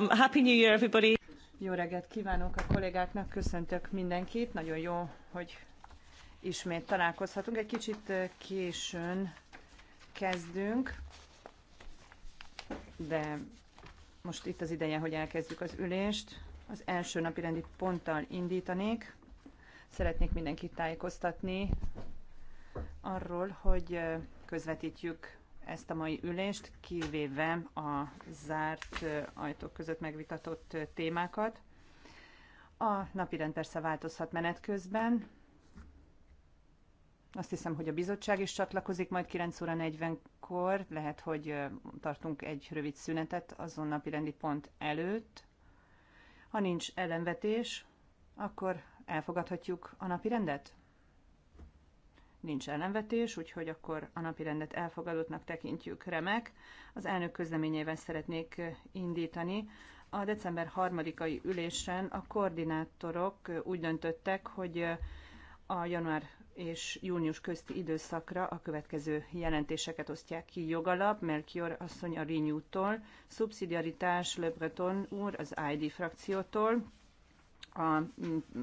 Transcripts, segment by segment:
Um, Happy New Year, everybody! Jó reggelt kívánok a kollégáknak, köszöntök mindenkit. Nagyon jó, hogy ismét találkozhatunk. Egy kicsit uh, későn kezdünk, de most itt az ideje, hogy elkezdjük az ülést. Az első napi rendi ponttal indítanék. Szeretnék mindenkit tájékoztatni arról, hogy uh, közvetítjük ezt a mai ülést, kivéve a zárt ajtók között megvitatott témákat. A napirend persze változhat menet közben. Azt hiszem, hogy a bizottság is csatlakozik majd 9 óra 40-kor. Lehet, hogy tartunk egy rövid szünetet azon napirendi pont előtt. Ha nincs ellenvetés, akkor elfogadhatjuk a napirendet? Nincs ellenvetés, úgyhogy akkor a napi rendet elfogadottnak tekintjük remek. Az elnök közleményével szeretnék indítani. A december 3-ai ülésen a koordinátorok úgy döntöttek, hogy a január és június közti időszakra a következő jelentéseket osztják ki. Jogalap, Melchior asszony a Renew-tól, szubszidiaritás Le Breton úr az ID frakciótól, a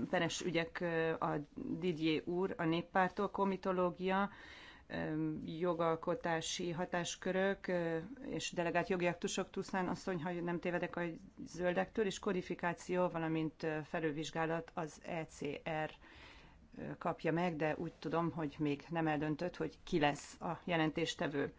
peres ügyek, a Didier úr, a néppártól komitológia, jogalkotási hatáskörök és delegált jogi aktusok Tuszán asszony, ha nem tévedek a zöldektől, és kodifikáció, valamint felővizsgálat az ECR kapja meg, de úgy tudom, hogy még nem eldöntött, hogy ki lesz a jelentéstevő.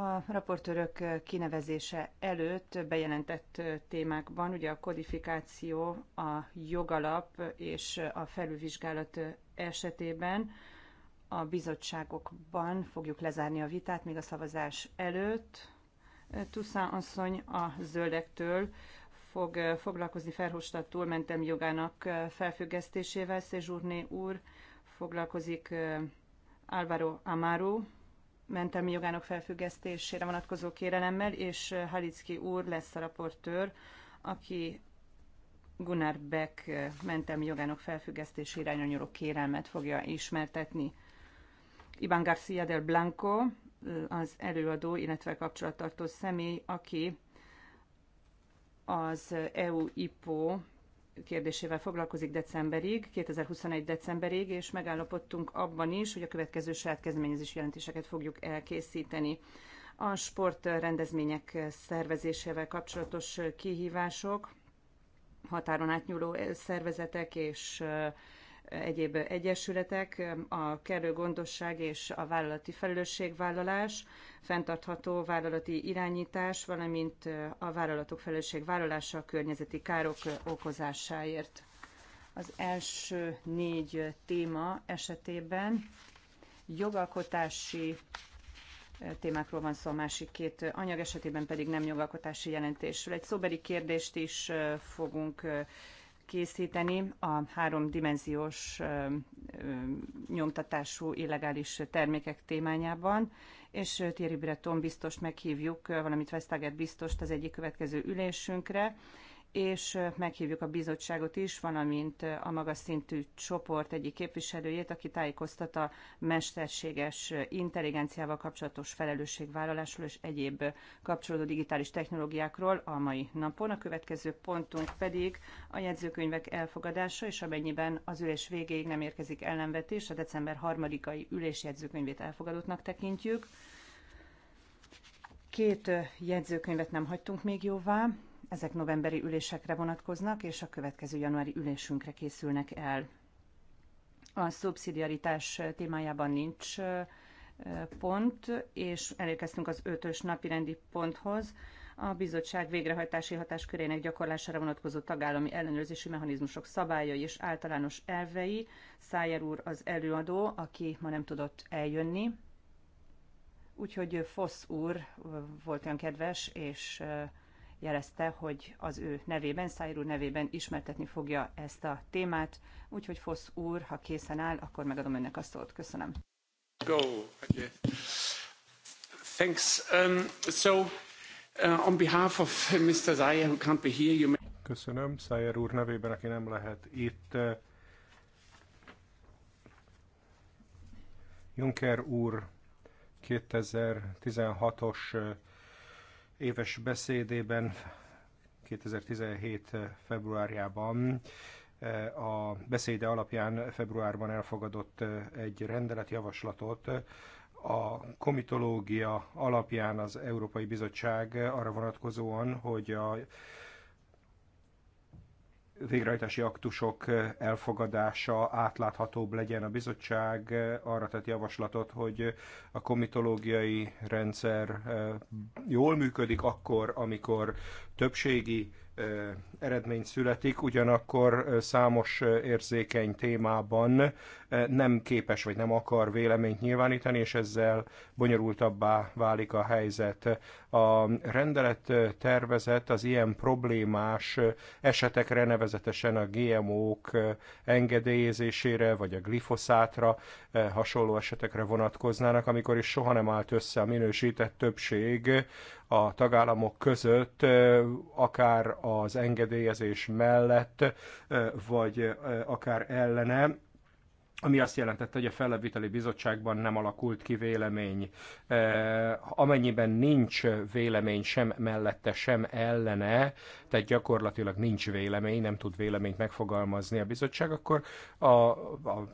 A raportőrök kinevezése előtt bejelentett témákban ugye a kodifikáció, a jogalap és a felülvizsgálat esetében a bizottságokban fogjuk lezárni a vitát még a szavazás előtt. Tuszán asszony a zöldektől fog foglalkozni Ferhostat túlmentem jogának felfüggesztésével, Szezsurné úr foglalkozik Álvaro Amaro mentelmi jogának felfüggesztésére vonatkozó kérelemmel, és Halicki úr lesz a raportőr, aki Gunnar Beck mentelmi jogának felfüggesztési irányra nyúló kérelmet fogja ismertetni. Iván García del Blanco, az előadó, illetve kapcsolattartó személy, aki az EU-IPO kérdésével foglalkozik decemberig, 2021 decemberig, és megállapodtunk abban is, hogy a következő saját kezdeményezés jelentéseket fogjuk elkészíteni. A sportrendezmények szervezésével kapcsolatos kihívások, határon átnyúló szervezetek és egyéb egyesületek, a kerő gondosság és a vállalati felelősségvállalás, fenntartható vállalati irányítás, valamint a vállalatok felelősségvállalása a környezeti károk okozásáért. Az első négy téma esetében jogalkotási témákról van szó, a másik két anyag esetében pedig nem jogalkotási jelentésről. Egy szóbeli kérdést is fogunk készíteni a háromdimenziós nyomtatású illegális termékek témányában, és Thierry Breton biztos meghívjuk, valamint Vesztaget biztost az egyik következő ülésünkre, és meghívjuk a bizottságot is, valamint a magas szintű csoport egyik képviselőjét, aki tájékoztat a mesterséges intelligenciával kapcsolatos felelősségvállalásról és egyéb kapcsolódó digitális technológiákról a mai napon. A következő pontunk pedig a jegyzőkönyvek elfogadása, és amennyiben az ülés végéig nem érkezik ellenvetés, a december 3-ai ülés jegyzőkönyvét elfogadottnak tekintjük. Két jegyzőkönyvet nem hagytunk még jóvá, ezek novemberi ülésekre vonatkoznak, és a következő januári ülésünkre készülnek el. A szubszidiaritás témájában nincs pont, és elérkeztünk az ötös napi rendi ponthoz. A bizottság végrehajtási hatáskörének gyakorlására vonatkozó tagállami ellenőrzési mechanizmusok szabályai és általános elvei. Szájer úr az előadó, aki ma nem tudott eljönni. Úgyhogy Fosz úr volt olyan kedves, és jelezte, hogy az ő nevében, úr nevében ismertetni fogja ezt a témát, úgyhogy Fosz úr, ha készen áll, akkor megadom önnek a szót. Köszönöm. Go. Okay. Thanks. Um, so, uh, on behalf of Mr. Zayer, who can't be here, you may... Köszönöm. Szájer úr nevében, aki nem lehet itt, uh, Juncker úr 2016-os éves beszédében 2017. februárjában eh, a beszéde alapján februárban elfogadott eh, egy rendeletjavaslatot, a komitológia alapján az Európai Bizottság arra vonatkozóan, hogy a végrehajtási aktusok eh, elfogadása átláthatóbb legyen. A bizottság eh, arra tett javaslatot, hogy eh, a komitológiai rendszer jól működik akkor, amikor többségi eredmény születik, ugyanakkor számos érzékeny témában nem képes vagy nem akar véleményt nyilvánítani, és ezzel bonyolultabbá válik a helyzet. A rendelet tervezet az ilyen problémás esetekre, nevezetesen a GMO-k engedélyezésére, vagy a glifoszátra hasonló esetekre vonatkoznának, amikor is soha nem állt össze a minősített többség a tagállamok között, akár az engedélyezés mellett, vagy akár ellene, ami azt jelentette, hogy a fellebbviteli bizottságban nem alakult ki vélemény. E, amennyiben nincs vélemény sem mellette, sem ellene, tehát gyakorlatilag nincs vélemény, nem tud véleményt megfogalmazni a bizottság, akkor a, a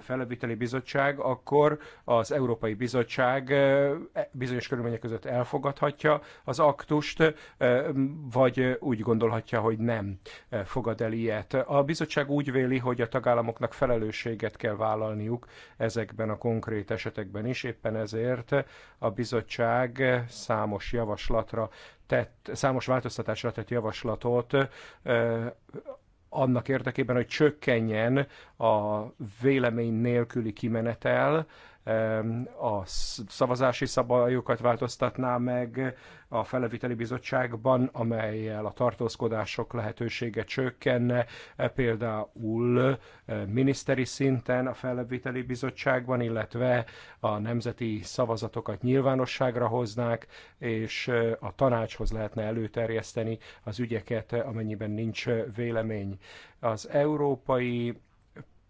fellebbviteli bizottság, akkor az Európai Bizottság e, bizonyos körülmények között elfogadhatja az aktust, e, vagy úgy gondolhatja, hogy nem fogad el ilyet. A bizottság úgy véli, hogy a tagállamoknak felelősséget kell kell vállalniuk ezekben a konkrét esetekben is. Éppen ezért a bizottság számos javaslatra tett, számos változtatásra tett javaslatot annak érdekében, hogy csökkenjen a vélemény nélküli kimenetel, a szavazási szabályokat változtatná meg a feleviteli bizottságban, amelyel a tartózkodások lehetősége csökkenne, e, például e, miniszteri szinten a feleviteli bizottságban, illetve a nemzeti szavazatokat nyilvánosságra hoznák, és e, a tanácshoz lehetne előterjeszteni az ügyeket, amennyiben nincs vélemény. Az európai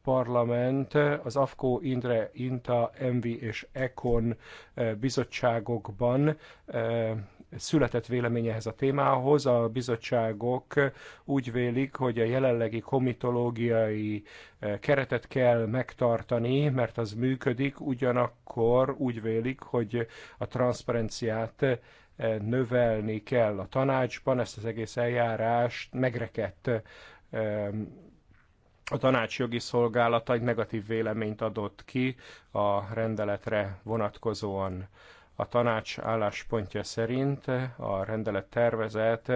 parlament az AFKO, Indre, INTA, ENVI és ECON eh, bizottságokban eh, született vélemény ehhez a témához. A bizottságok úgy vélik, hogy a jelenlegi komitológiai eh, keretet kell megtartani, mert az működik, ugyanakkor úgy vélik, hogy a transzparenciát növelni kell a tanácsban, ezt az egész eljárást megrekedt a tanács jogi szolgálata egy negatív véleményt adott ki a rendeletre vonatkozóan. A tanács álláspontja szerint a rendelet tervezet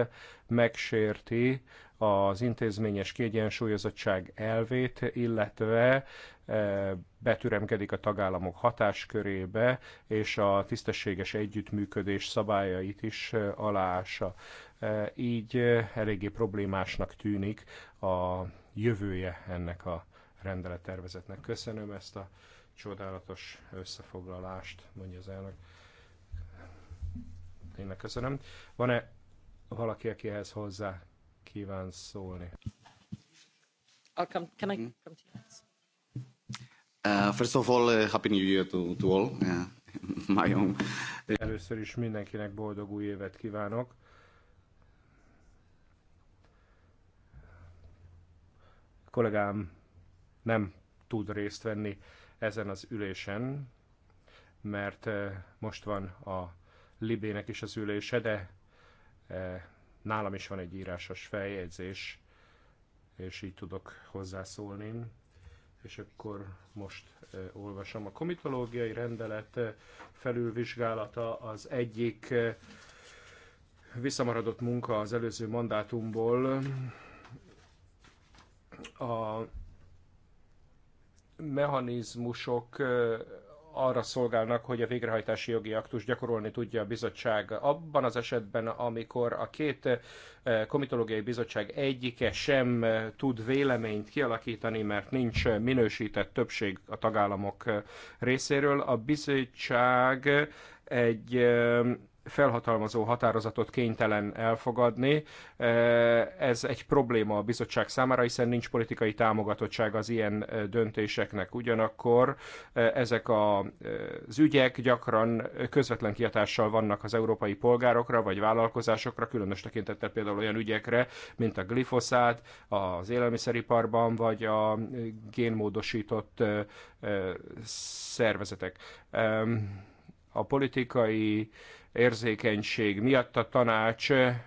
megsérti az intézményes kiegyensúlyozottság elvét, illetve e, betüremkedik a tagállamok hatáskörébe, és a tisztességes együttműködés szabályait is e, aláása. E, így e, eléggé problémásnak tűnik a jövője ennek a rendelettervezetnek. Köszönöm ezt a csodálatos összefoglalást, mondja az elnök. Tényleg köszönöm. Van-e valaki, aki ehhez hozzá kíván szólni? Come, can I mm-hmm. come to you? Uh, first of all, uh, happy new year to, to all. Uh, my own. Először is mindenkinek boldog új évet kívánok. kollégám nem tud részt venni ezen az ülésen, mert eh, most van a Libének is az ülése, de eh, nálam is van egy írásos feljegyzés, és így tudok hozzászólni. És akkor most eh, olvasom. A komitológiai rendelet felülvizsgálata az egyik visszamaradott munka az előző mandátumból, a mechanizmusok arra szolgálnak, hogy a végrehajtási jogi aktus gyakorolni tudja a bizottság abban az esetben, amikor a két komitológiai bizottság egyike sem tud véleményt kialakítani, mert nincs minősített többség a tagállamok részéről. A bizottság egy felhatalmazó határozatot kénytelen elfogadni. E, ez egy probléma a bizottság számára, hiszen nincs politikai támogatottság az ilyen e, döntéseknek. Ugyanakkor e, ezek az ügyek gyakran közvetlen kiatással vannak az európai polgárokra vagy vállalkozásokra, különös tekintettel például olyan ügyekre, mint a glifoszát az élelmiszeriparban, vagy a génmódosított szervezetek. A politikai érzékenység miatt a tanács eh,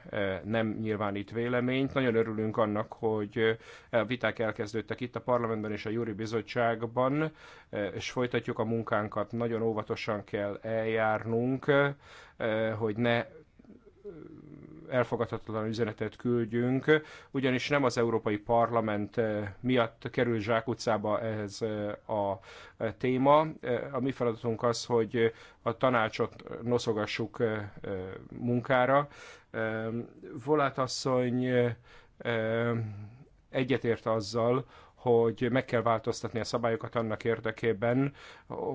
nem nyilvánít véleményt. Nagyon örülünk annak, hogy eh, a viták elkezdődtek itt a parlamentben és a Júri Bizottságban, eh, és folytatjuk a munkánkat. Nagyon óvatosan kell eljárnunk, hogy ne elfogadhatatlan üzenetet küldjünk, ugyanis nem az Európai Parlament eh, miatt kerül zsákutcába ez eh, a eh, téma. A mi feladatunk az, hogy a tanácsot noszogassuk munkára. Volát asszony egyetért azzal, hogy meg kell változtatni a szabályokat annak érdekében,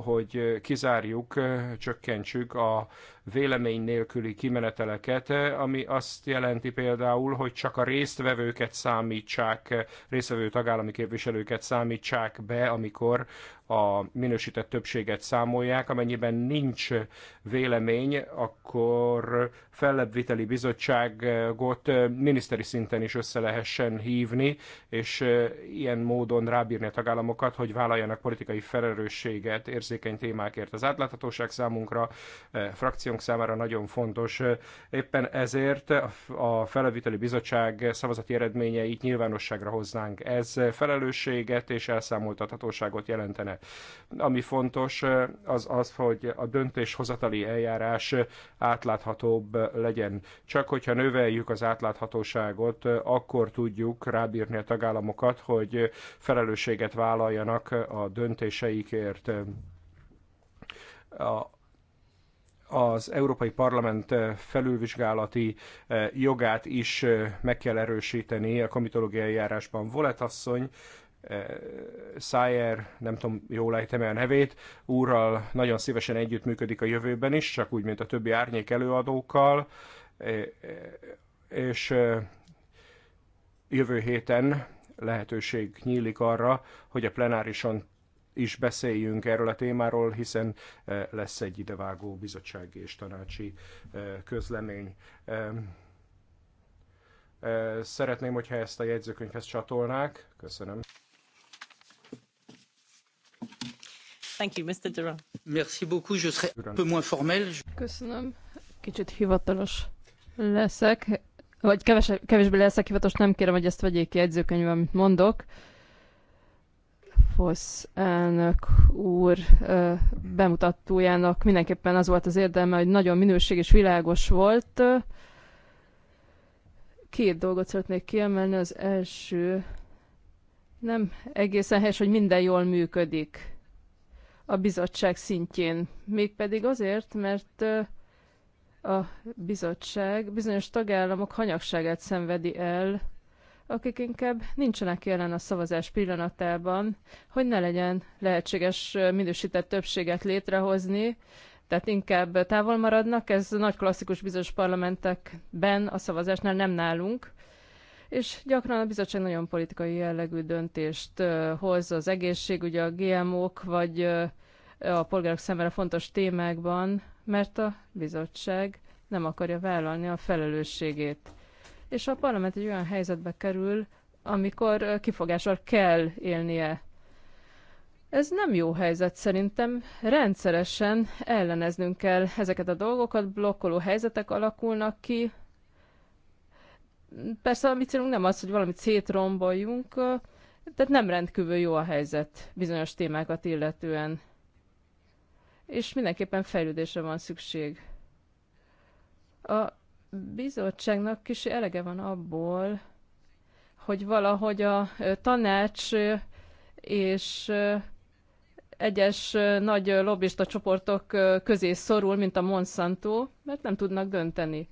hogy kizárjuk, csökkentsük a vélemény nélküli kimeneteleket, ami azt jelenti például, hogy csak a résztvevőket számítsák, résztvevő tagállami képviselőket számítsák be, amikor a minősített többséget számolják. Amennyiben nincs vélemény, akkor fellebbviteli bizottságot miniszteri szinten is össze lehessen hívni, és ilyen módon rábírni a tagállamokat, hogy vállaljanak politikai felelősséget érzékeny témákért. Az átláthatóság számunkra, frakciónk számára nagyon fontos. Éppen ezért a fellebbviteli bizottság szavazati eredményeit nyilvánosságra hoznánk. Ez felelősséget és elszámoltathatóságot jelentene. Ami fontos, az az, hogy a döntéshozatali eljárás átláthatóbb legyen. Csak hogyha növeljük az átláthatóságot, akkor tudjuk rábírni a tagállamokat, hogy felelősséget vállaljanak a döntéseikért. A, az Európai Parlament felülvizsgálati jogát is meg kell erősíteni a komitológiai járásban. Volet asszony Szájer, nem tudom, jól ejtem el nevét, úrral nagyon szívesen együttműködik a jövőben is, csak úgy, mint a többi árnyék előadókkal, e, e, és e, jövő héten lehetőség nyílik arra, hogy a plenárison is beszéljünk erről a témáról, hiszen lesz egy idevágó bizottsági és tanácsi közlemény. Szeretném, hogyha ezt a jegyzőkönyvhez csatolnák. Köszönöm. Thank you, Mr. Durand. Merci beaucoup, je serai un peu moins formel. Köszönöm. Kicsit hivatalos leszek, vagy keves, kevésbé leszek hivatalos, nem kérem, hogy ezt vegyék ki jegyzőkönyvbe, amit mondok. FOSZ elnök úr bemutatójának mindenképpen az volt az érdeme, hogy nagyon minőség és világos volt. Két dolgot szeretnék kiemelni. Az első nem egészen helyes, hogy minden jól működik a bizottság szintjén. Mégpedig azért, mert a bizottság bizonyos tagállamok hanyagságát szenvedi el, akik inkább nincsenek jelen a szavazás pillanatában, hogy ne legyen lehetséges minősített többséget létrehozni, tehát inkább távol maradnak, ez nagy klasszikus bizonyos parlamentekben a szavazásnál nem nálunk és gyakran a bizottság nagyon politikai jellegű döntést hoz az egészség, ugye a GMO-k, vagy a polgárok számára fontos témákban, mert a bizottság nem akarja vállalni a felelősségét. És a parlament egy olyan helyzetbe kerül, amikor kifogással kell élnie. Ez nem jó helyzet szerintem. Rendszeresen elleneznünk kell ezeket a dolgokat, blokkoló helyzetek alakulnak ki, Persze a mi célunk nem az, hogy valamit szétromboljunk, tehát nem rendkívül jó a helyzet bizonyos témákat illetően. És mindenképpen fejlődésre van szükség. A bizottságnak kis elege van abból, hogy valahogy a tanács és egyes nagy lobbista csoportok közé szorul, mint a Monsanto, mert nem tudnak dönteni.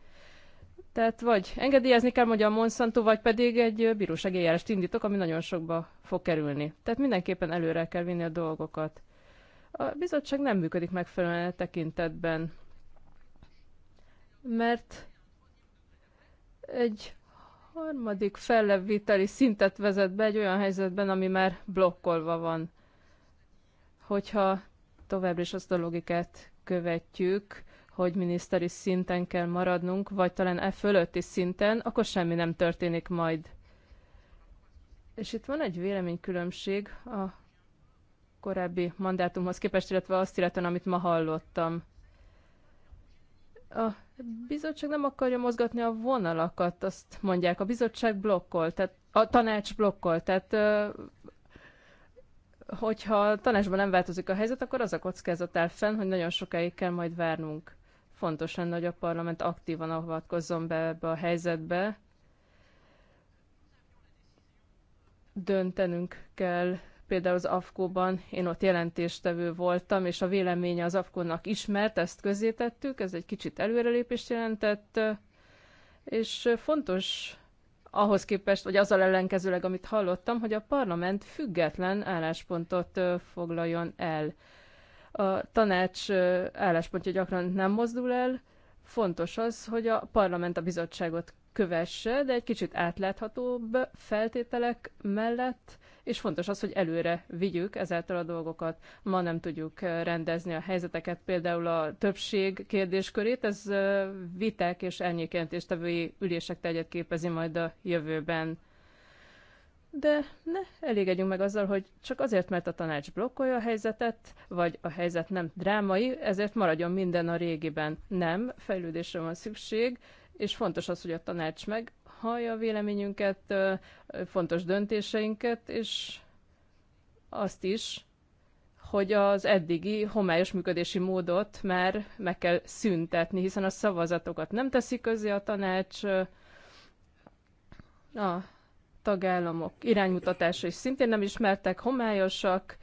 Tehát vagy engedélyezni kell, mondja a Monsanto, vagy pedig egy bírósági eljárást indítok, ami nagyon sokba fog kerülni. Tehát mindenképpen előre kell vinni a dolgokat. A bizottság nem működik megfelelően a e tekintetben, mert egy harmadik felleviteli szintet vezet be egy olyan helyzetben, ami már blokkolva van. Hogyha továbbra is azt a logikát követjük, hogy miniszteri szinten kell maradnunk, vagy talán e fölötti szinten, akkor semmi nem történik majd. És itt van egy véleménykülönbség a korábbi mandátumhoz képest, illetve azt illetően, amit ma hallottam. A bizottság nem akarja mozgatni a vonalakat, azt mondják. A bizottság blokkol, tehát a tanács blokkol, tehát hogyha a tanácsban nem változik a helyzet, akkor az a kockázat áll fenn, hogy nagyon sokáig kell majd várnunk. Fontos lenne, hogy a parlament aktívan avatkozzon be ebbe a helyzetbe. Döntenünk kell például az AFKO-ban, én ott jelentéstevő voltam, és a véleménye az AFKO-nak ismert, ezt közzétettük, ez egy kicsit előrelépést jelentett, és fontos ahhoz képest, vagy azzal ellenkezőleg, amit hallottam, hogy a parlament független álláspontot foglaljon el. A tanács álláspontja gyakran nem mozdul el. Fontos az, hogy a parlament a bizottságot kövesse, de egy kicsit átláthatóbb feltételek mellett, és fontos az, hogy előre vigyük ezáltal a dolgokat. Ma nem tudjuk rendezni a helyzeteket, például a többség kérdéskörét, ez viták és elnyékjelentéstevői ülések tegyet képezi majd a jövőben de ne elégedjünk meg azzal, hogy csak azért, mert a tanács blokkolja a helyzetet, vagy a helyzet nem drámai, ezért maradjon minden a régiben. Nem, fejlődésre van szükség, és fontos az, hogy a tanács meghallja a véleményünket, fontos döntéseinket, és azt is, hogy az eddigi homályos működési módot már meg kell szüntetni, hiszen a szavazatokat nem teszi közé a tanács, a tagállamok iránymutatásai szintén nem ismertek, homályosak,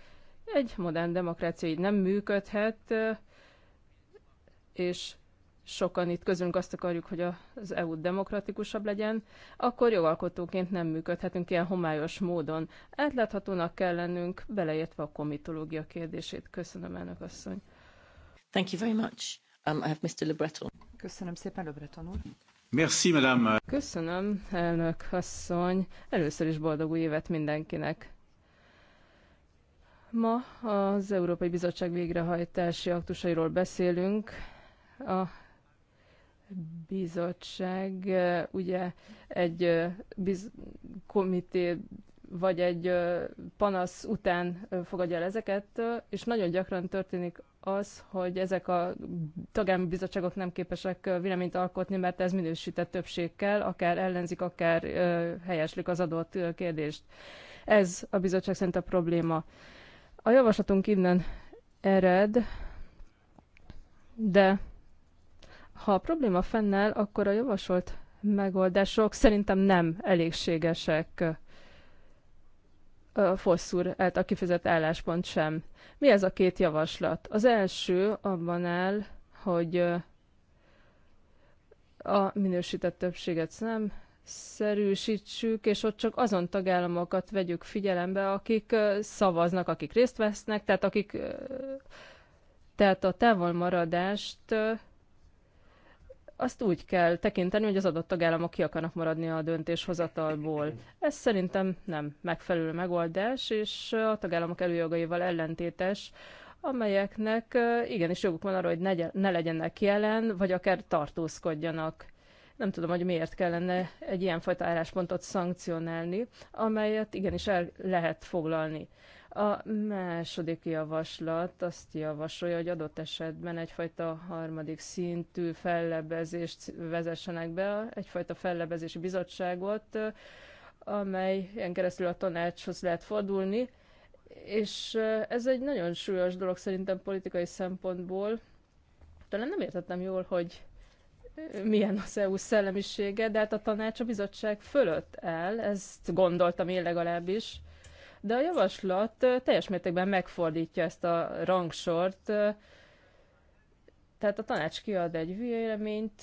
egy modern demokrácia így nem működhet, és sokan itt közünk azt akarjuk, hogy az EU demokratikusabb legyen, akkor jogalkotóként nem működhetünk ilyen homályos módon. Átláthatónak kell lennünk, beleértve a komitológia kérdését. Köszönöm, elnök asszony. Thank you very much. Um, I have Mr. Le Breton. Köszönöm szépen, Le Breton úr. Merci, madame. Köszönöm, elnök asszony. Először is boldog új évet mindenkinek. Ma az Európai Bizottság végrehajtási aktusairól beszélünk. A bizottság ugye egy biz- komité vagy egy panasz után fogadja el ezeket, és nagyon gyakran történik az, hogy ezek a tagállami bizottságok nem képesek véleményt alkotni, mert ez minősített többség kell, akár ellenzik, akár helyeslik az adott kérdést. Ez a bizottság szerint a probléma. A javaslatunk innen ered, de ha a probléma fennáll, akkor a javasolt megoldások szerintem nem elégségesek. Fosszúr hát a kifizett álláspont sem. Mi ez a két javaslat? Az első abban áll, hogy a minősített többséget nem szerűsítsük, és ott csak azon tagállamokat vegyük figyelembe, akik szavaznak, akik részt vesznek, tehát akik tehát a távolmaradást azt úgy kell tekinteni, hogy az adott tagállamok ki akarnak maradni a döntéshozatalból. Ez szerintem nem megfelelő megoldás, és a tagállamok előjogaival ellentétes, amelyeknek igenis joguk van arra, hogy ne, ne legyenek jelen, vagy akár tartózkodjanak. Nem tudom, hogy miért kellene egy ilyenfajta álláspontot szankcionálni, amelyet igenis el lehet foglalni. A második javaslat azt javasolja, hogy adott esetben egyfajta harmadik szintű fellebezést vezessenek be, egyfajta fellebezési bizottságot, ilyen keresztül a tanácshoz lehet fordulni, és ez egy nagyon súlyos dolog szerintem politikai szempontból. Talán nem értettem jól, hogy milyen az EU szellemisége, de hát a tanács a bizottság fölött áll, ezt gondoltam én legalábbis de a javaslat teljes mértékben megfordítja ezt a rangsort. Tehát a tanács kiad egy véleményt,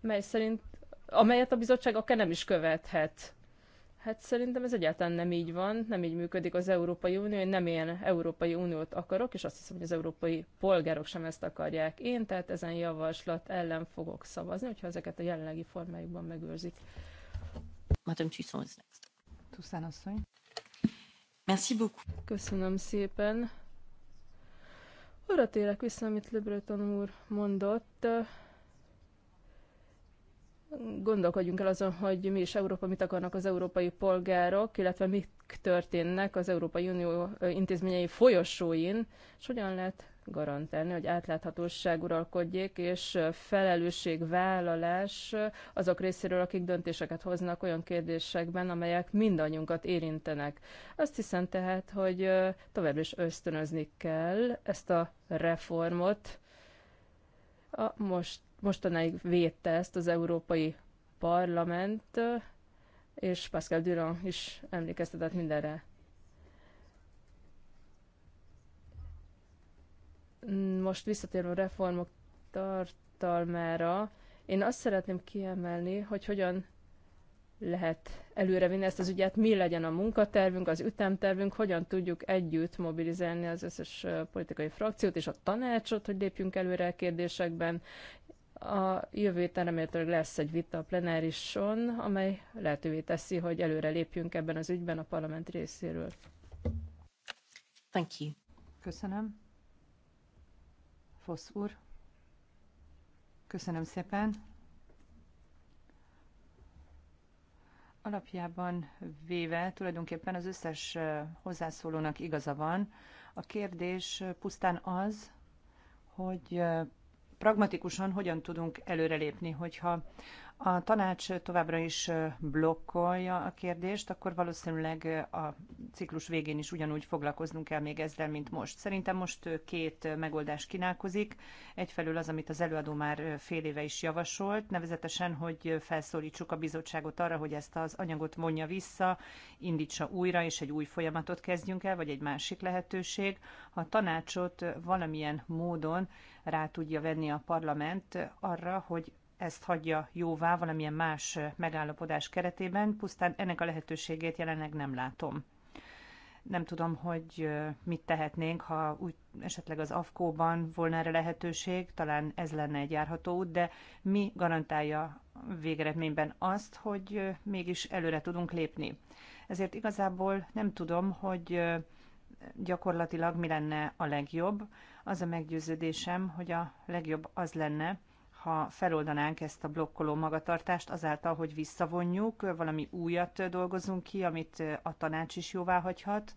mely szerint, amelyet a bizottság akár nem is követhet. Hát szerintem ez egyáltalán nem így van, nem így működik az Európai Unió, én nem ilyen Európai Uniót akarok, és azt hiszem, hogy az európai polgárok sem ezt akarják. Én tehát ezen javaslat ellen fogok szavazni, hogyha ezeket a jelenlegi formájukban megőrzik. Matem Csiszon, is next. Tuszán asszony. Merci beaucoup. Köszönöm szépen. Arra térek vissza, amit Lebreton úr mondott. Gondolkodjunk el azon, hogy mi is Európa, mit akarnak az európai polgárok, illetve mit történnek az Európai Unió intézményei folyosóin, és hogyan lehet garantálni, hogy átláthatóság uralkodjék, és felelősségvállalás azok részéről, akik döntéseket hoznak olyan kérdésekben, amelyek mindannyiunkat érintenek. Azt hiszem tehát, hogy tovább is ösztönözni kell ezt a reformot. A most, mostanáig védte ezt az Európai Parlament, és Pascal Durand is emlékeztetett mindenre. most visszatérve a reformok tartalmára, én azt szeretném kiemelni, hogy hogyan lehet előrevinni ezt az ügyet, mi legyen a munkatervünk, az ütemtervünk, hogyan tudjuk együtt mobilizálni az összes politikai frakciót és a tanácsot, hogy lépjünk előre a kérdésekben. A jövő héten remélhetőleg lesz egy vita a plenárison, amely lehetővé teszi, hogy előre lépjünk ebben az ügyben a parlament részéről. Thank you. Köszönöm. Fosz úr. Köszönöm szépen. Alapjában véve tulajdonképpen az összes hozzászólónak igaza van. A kérdés pusztán az, hogy pragmatikusan hogyan tudunk előrelépni, hogyha a tanács továbbra is blokkolja a kérdést, akkor valószínűleg a ciklus végén is ugyanúgy foglalkoznunk kell még ezzel, mint most. Szerintem most két megoldás kínálkozik. Egyfelől az, amit az előadó már fél éve is javasolt, nevezetesen, hogy felszólítsuk a bizottságot arra, hogy ezt az anyagot mondja vissza, indítsa újra, és egy új folyamatot kezdjünk el, vagy egy másik lehetőség. Ha a tanácsot valamilyen módon rá tudja venni a parlament arra, hogy ezt hagyja jóvá valamilyen más megállapodás keretében, pusztán ennek a lehetőségét jelenleg nem látom. Nem tudom, hogy mit tehetnénk, ha úgy esetleg az AFKO-ban volna erre lehetőség, talán ez lenne egy járható út, de mi garantálja végeredményben azt, hogy mégis előre tudunk lépni. Ezért igazából nem tudom, hogy gyakorlatilag mi lenne a legjobb. Az a meggyőződésem, hogy a legjobb az lenne, ha feloldanánk ezt a blokkoló magatartást azáltal, hogy visszavonjuk, valami újat dolgozunk ki, amit a tanács is jóvá hagyhat,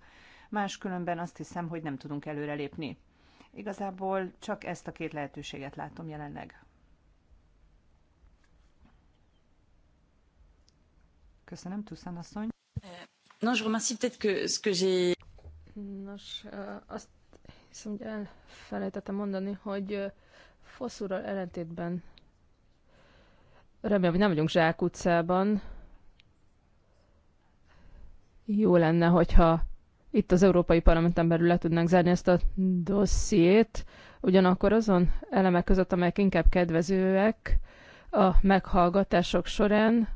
máskülönben azt hiszem, hogy nem tudunk előrelépni. Igazából csak ezt a két lehetőséget látom jelenleg. Köszönöm, Tuszán asszony. Non, Nos, azt hiszem, hogy elfelejtettem mondani, hogy Foszúrral ellentétben remélem, hogy nem vagyunk zsákutcában. Jó lenne, hogyha itt az Európai Parlamenten belül le tudnánk zárni ezt a dossziét, ugyanakkor azon elemek között, amelyek inkább kedvezőek a meghallgatások során,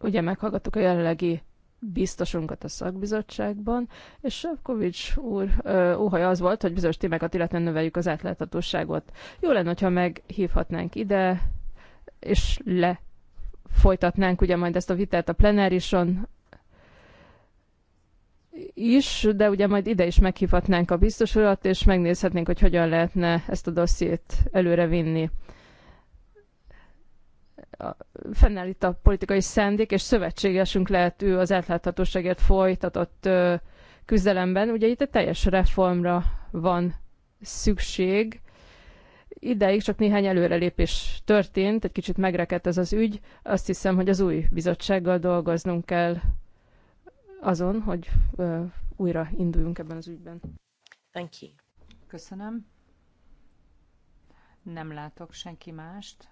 ugye meghallgattuk a jelenlegi biztosunkat a szakbizottságban, és Sefkovics úr óhaj az volt, hogy bizonyos témákat illetően növeljük az átláthatóságot. Jó lenne, ha meghívhatnánk ide, és le folytatnánk ugye majd ezt a vitát a plenárison is, de ugye majd ide is meghívhatnánk a biztos urat, és megnézhetnénk, hogy hogyan lehetne ezt a dossziét előrevinni. vinni fennáll itt a politikai szendék, és szövetségesünk lehet ő az átláthatóságért folytatott küzdelemben. Ugye itt egy teljes reformra van szükség. Ideig csak néhány előrelépés történt, egy kicsit megrekedt ez az ügy. Azt hiszem, hogy az új bizottsággal dolgoznunk kell azon, hogy újra induljunk ebben az ügyben. Thank you. Köszönöm. Nem látok senki mást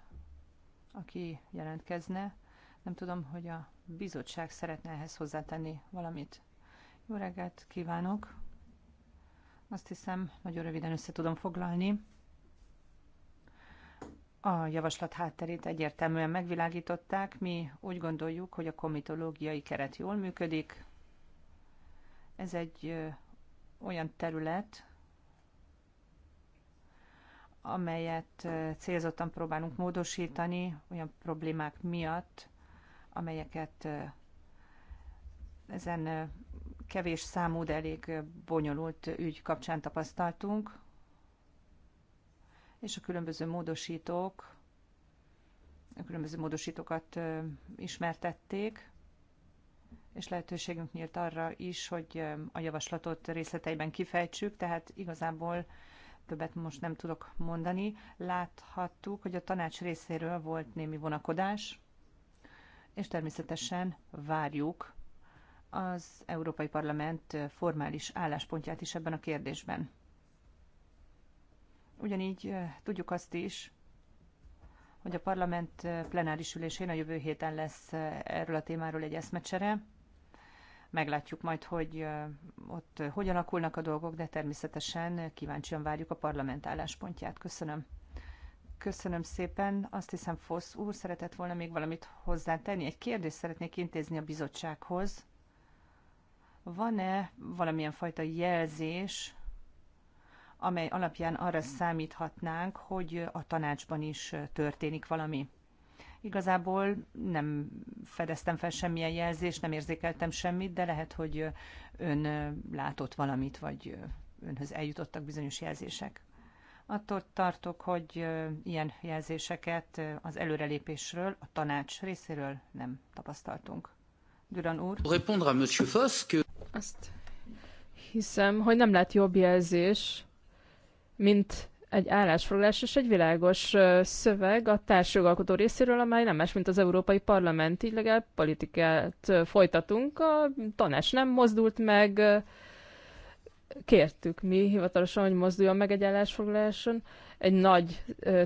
aki jelentkezne. Nem tudom, hogy a bizottság szeretne ehhez hozzátenni valamit. Jó reggelt kívánok! Azt hiszem, nagyon röviden össze tudom foglalni. A javaslat hátterét egyértelműen megvilágították. Mi úgy gondoljuk, hogy a komitológiai keret jól működik. Ez egy olyan terület, amelyet célzottan próbálunk módosítani olyan problémák miatt, amelyeket ezen kevés számú, de elég bonyolult ügy kapcsán tapasztaltunk, és a különböző módosítók, a különböző módosítókat ismertették, és lehetőségünk nyílt arra is, hogy a javaslatot részleteiben kifejtsük, tehát igazából többet most nem tudok mondani. Láthattuk, hogy a tanács részéről volt némi vonakodás, és természetesen várjuk az Európai Parlament formális álláspontját is ebben a kérdésben. Ugyanígy eh, tudjuk azt is, hogy a parlament eh, plenáris ülésén a jövő héten lesz eh, erről a témáról egy eszmecsere, Meglátjuk majd, hogy ott hogy alakulnak a dolgok, de természetesen kíváncsian várjuk a parlament álláspontját. Köszönöm. Köszönöm szépen. Azt hiszem, Fosz úr szeretett volna még valamit hozzátenni. Egy kérdést szeretnék intézni a bizottsághoz. Van-e valamilyen fajta jelzés, amely alapján arra számíthatnánk, hogy a tanácsban is történik valami? Igazából nem fedeztem fel semmilyen jelzést, nem érzékeltem semmit, de lehet, hogy ön látott valamit, vagy önhöz eljutottak bizonyos jelzések. Attól tartok, hogy ilyen jelzéseket az előrelépésről, a tanács részéről nem tapasztaltunk. Duran úr. Azt hiszem, hogy nem lett jobb jelzés, mint egy állásfoglalás és egy világos szöveg a társjogalkotó részéről, amely nem más, mint az Európai Parlament, így legalább politikát folytatunk. A tanács nem mozdult meg, kértük mi hivatalosan, hogy mozduljon meg egy állásfoglaláson, egy nagy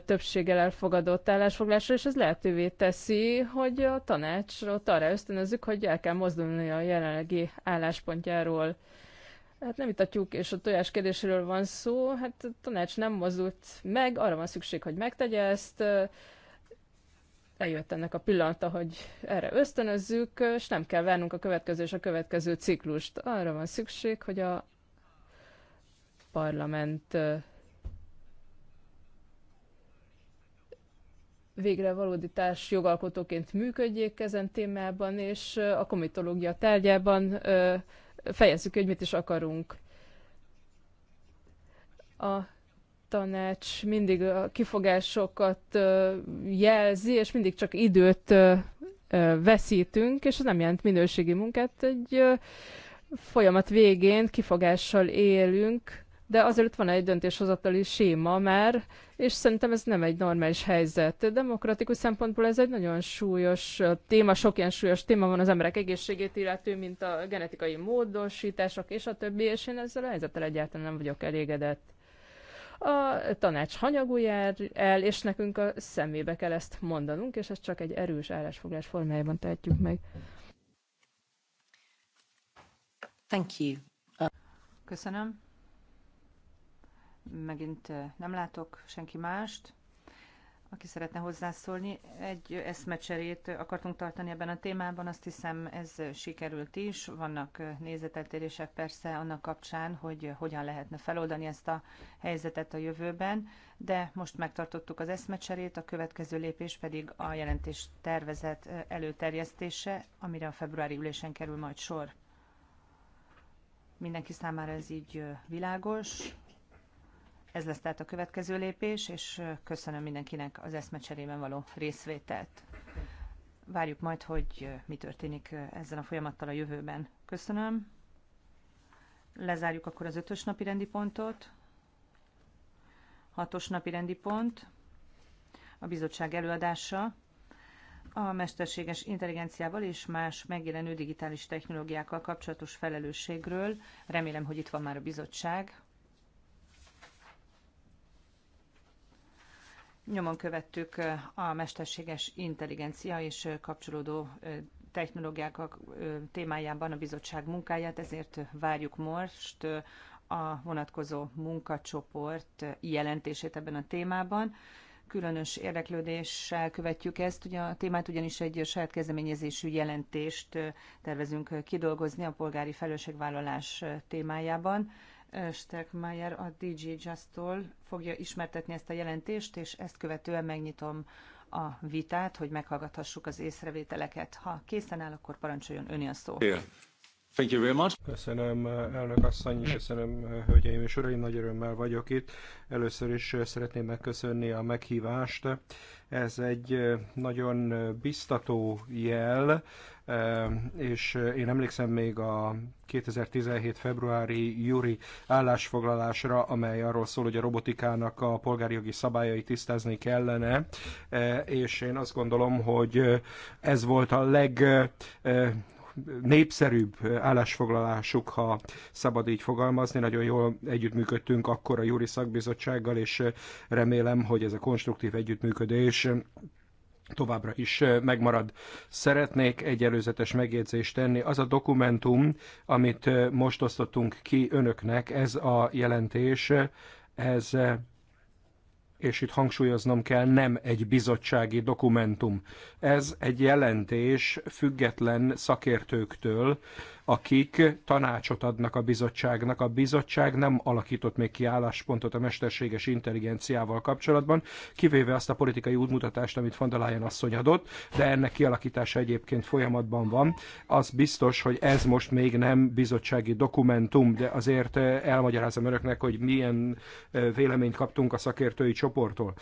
többséggel elfogadott állásfoglalásra, és ez lehetővé teszi, hogy a tanácsot arra ösztönözzük, hogy el kell mozdulni a jelenlegi álláspontjáról. Hát nem itt a tyúk és a tojás kérdéséről van szó, hát a tanács nem mozdult meg, arra van szükség, hogy megtegye ezt. Eljött ennek a pillanata, hogy erre ösztönözzük, és nem kell várnunk a következő és a következő ciklust. Arra van szükség, hogy a parlament végre valódítás jogalkotóként működjék ezen témában, és a komitológia tárgyában fejezzük, hogy mit is akarunk. A tanács mindig a kifogásokat jelzi, és mindig csak időt veszítünk, és ez nem jelent minőségi munkát. Egy folyamat végén kifogással élünk, de azért van egy döntéshozatali séma már, és szerintem ez nem egy normális helyzet. Demokratikus szempontból ez egy nagyon súlyos téma, sok ilyen súlyos téma van az emberek egészségét illető, mint a genetikai módosítások és a többi, és én ezzel a helyzettel egyáltalán nem vagyok elégedett. A tanács hanyagul jár el, és nekünk a szemébe kell ezt mondanunk, és ezt csak egy erős állásfoglás formájában tehetjük meg. Thank you. Köszönöm. Megint nem látok senki mást, aki szeretne hozzászólni. Egy eszmecserét akartunk tartani ebben a témában, azt hiszem ez sikerült is. Vannak nézeteltérések persze annak kapcsán, hogy hogyan lehetne feloldani ezt a helyzetet a jövőben, de most megtartottuk az eszmecserét, a következő lépés pedig a jelentés tervezet előterjesztése, amire a februári ülésen kerül majd sor mindenki számára ez így világos. Ez lesz tehát a következő lépés, és köszönöm mindenkinek az eszmecserében való részvételt. Várjuk majd, hogy mi történik ezzel a folyamattal a jövőben. Köszönöm. Lezárjuk akkor az ötös napi rendi pontot. Hatos napi rendi pont. A bizottság előadása a mesterséges intelligenciával és más megjelenő digitális technológiákkal kapcsolatos felelősségről. Remélem, hogy itt van már a bizottság. nyomon követtük a mesterséges intelligencia és kapcsolódó technológiák témájában a bizottság munkáját, ezért várjuk most a vonatkozó munkacsoport jelentését ebben a témában. Különös érdeklődéssel követjük ezt, ugye a témát ugyanis egy saját kezdeményezésű jelentést tervezünk kidolgozni a polgári felelősségvállalás témájában Stelkmayer a DJ Just-tól fogja ismertetni ezt a jelentést, és ezt követően megnyitom a vitát, hogy meghallgathassuk az észrevételeket. Ha készen áll, akkor parancsoljon öni a szó. Yeah. Thank you very much. Köszönöm, elnök asszony, köszönöm, hölgyeim és uraim, nagy örömmel vagyok itt. Először is szeretném megköszönni a meghívást. Ez egy nagyon biztató jel, és én emlékszem még a 2017. februári júri állásfoglalásra, amely arról szól, hogy a robotikának a polgári jogi szabályai tisztázni kellene, és én azt gondolom, hogy ez volt a leg népszerűbb állásfoglalásuk, ha szabad így fogalmazni. Nagyon jól együttműködtünk akkor a Júri Szakbizottsággal, és remélem, hogy ez a konstruktív együttműködés továbbra is megmarad. Szeretnék egy előzetes megjegyzést tenni. Az a dokumentum, amit most osztottunk ki önöknek, ez a jelentés, ez és itt hangsúlyoznom kell, nem egy bizottsági dokumentum. Ez egy jelentés független szakértőktől, akik tanácsot adnak a bizottságnak. A bizottság nem alakított még ki álláspontot a mesterséges intelligenciával kapcsolatban, kivéve azt a politikai útmutatást, amit von asszony adott, de ennek kialakítása egyébként folyamatban van. Az biztos, hogy ez most még nem bizottsági dokumentum, de azért elmagyarázom önöknek, hogy milyen véleményt kaptunk a szakértői csoporttól.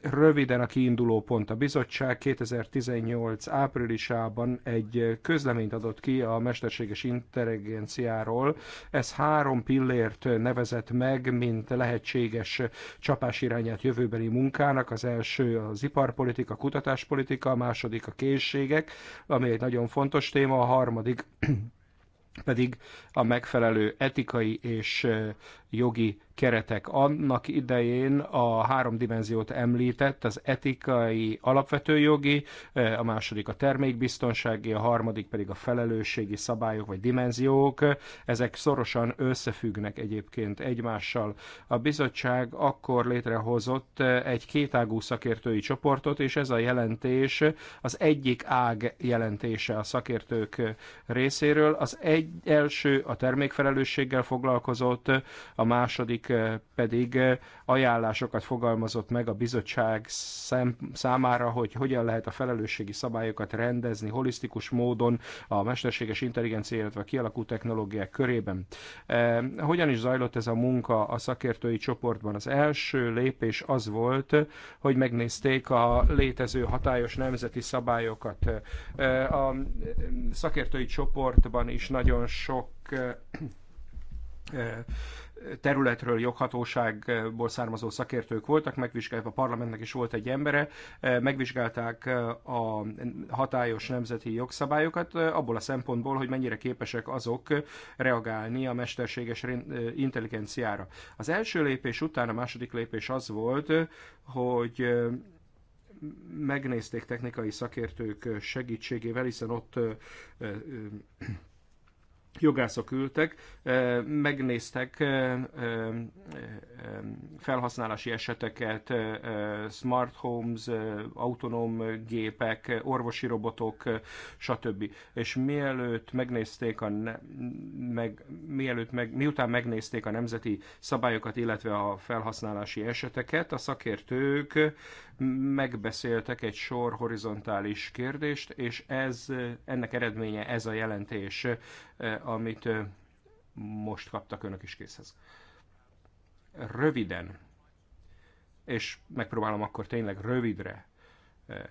Röviden a kiinduló pont. A bizottság 2018 áprilisában egy közleményt adott ki a mesterséges mesterséges intelligenciáról. Ez három pillért nevezett meg, mint lehetséges csapás irányát jövőbeli munkának. Az első az iparpolitika, kutatáspolitika, a második a készségek, ami egy nagyon fontos téma, a harmadik pedig a megfelelő etikai és jogi keretek. Annak idején a három dimenziót említett, az etikai alapvető jogi, a második a termékbiztonsági, a harmadik pedig a felelősségi szabályok vagy dimenziók. Ezek szorosan összefüggnek egyébként egymással. A bizottság akkor létrehozott egy kétágú szakértői csoportot, és ez a jelentés az egyik ág jelentése a szakértők részéről. Az egy első a termékfelelősséggel foglalkozott, a második pedig ajánlásokat fogalmazott meg a bizottság szem, számára, hogy hogyan lehet a felelősségi szabályokat rendezni holisztikus módon a mesterséges intelligencia, illetve a kialakult technológiák körében. Hogyan is zajlott ez a munka a szakértői csoportban? Az első lépés az volt, hogy megnézték a létező hatályos nemzeti szabályokat. A szakértői csoportban is nagyon sok területről joghatóságból származó szakértők voltak, megvizsgálták, a parlamentnek is volt egy embere, megvizsgálták a hatályos nemzeti jogszabályokat abból a szempontból, hogy mennyire képesek azok reagálni a mesterséges intelligenciára. Az első lépés után a második lépés az volt, hogy megnézték technikai szakértők segítségével, hiszen ott jogászok ültek, megnéztek felhasználási eseteket, smart homes, autonóm gépek, orvosi robotok, stb. És mielőtt megnézték a ne, meg, mielőtt meg, miután megnézték a nemzeti szabályokat, illetve a felhasználási eseteket, a szakértők megbeszéltek egy sor horizontális kérdést, és ez, ennek eredménye ez a jelentés, eh, amit eh, most kaptak önök is készhez. Röviden, és megpróbálom akkor tényleg rövidre eh,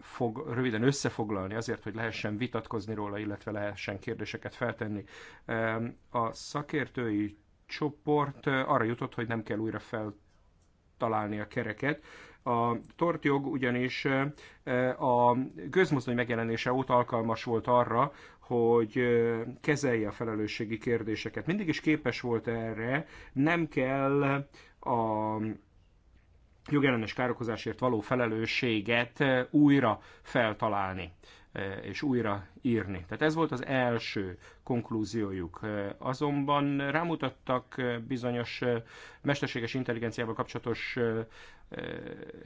fog, röviden összefoglalni azért, hogy lehessen vitatkozni róla, illetve lehessen kérdéseket feltenni. A szakértői csoport arra jutott, hogy nem kell újra feltalálni a kereket, a tortjog ugyanis a közmozdony megjelenése óta alkalmas volt arra, hogy kezelje a felelősségi kérdéseket. Mindig is képes volt erre, nem kell a jogellenes károkozásért való felelősséget újra feltalálni. E, és újra írni. Tehát ez volt az első konklúziójuk. E, azonban rámutattak e, bizonyos mesterséges intelligenciával kapcsolatos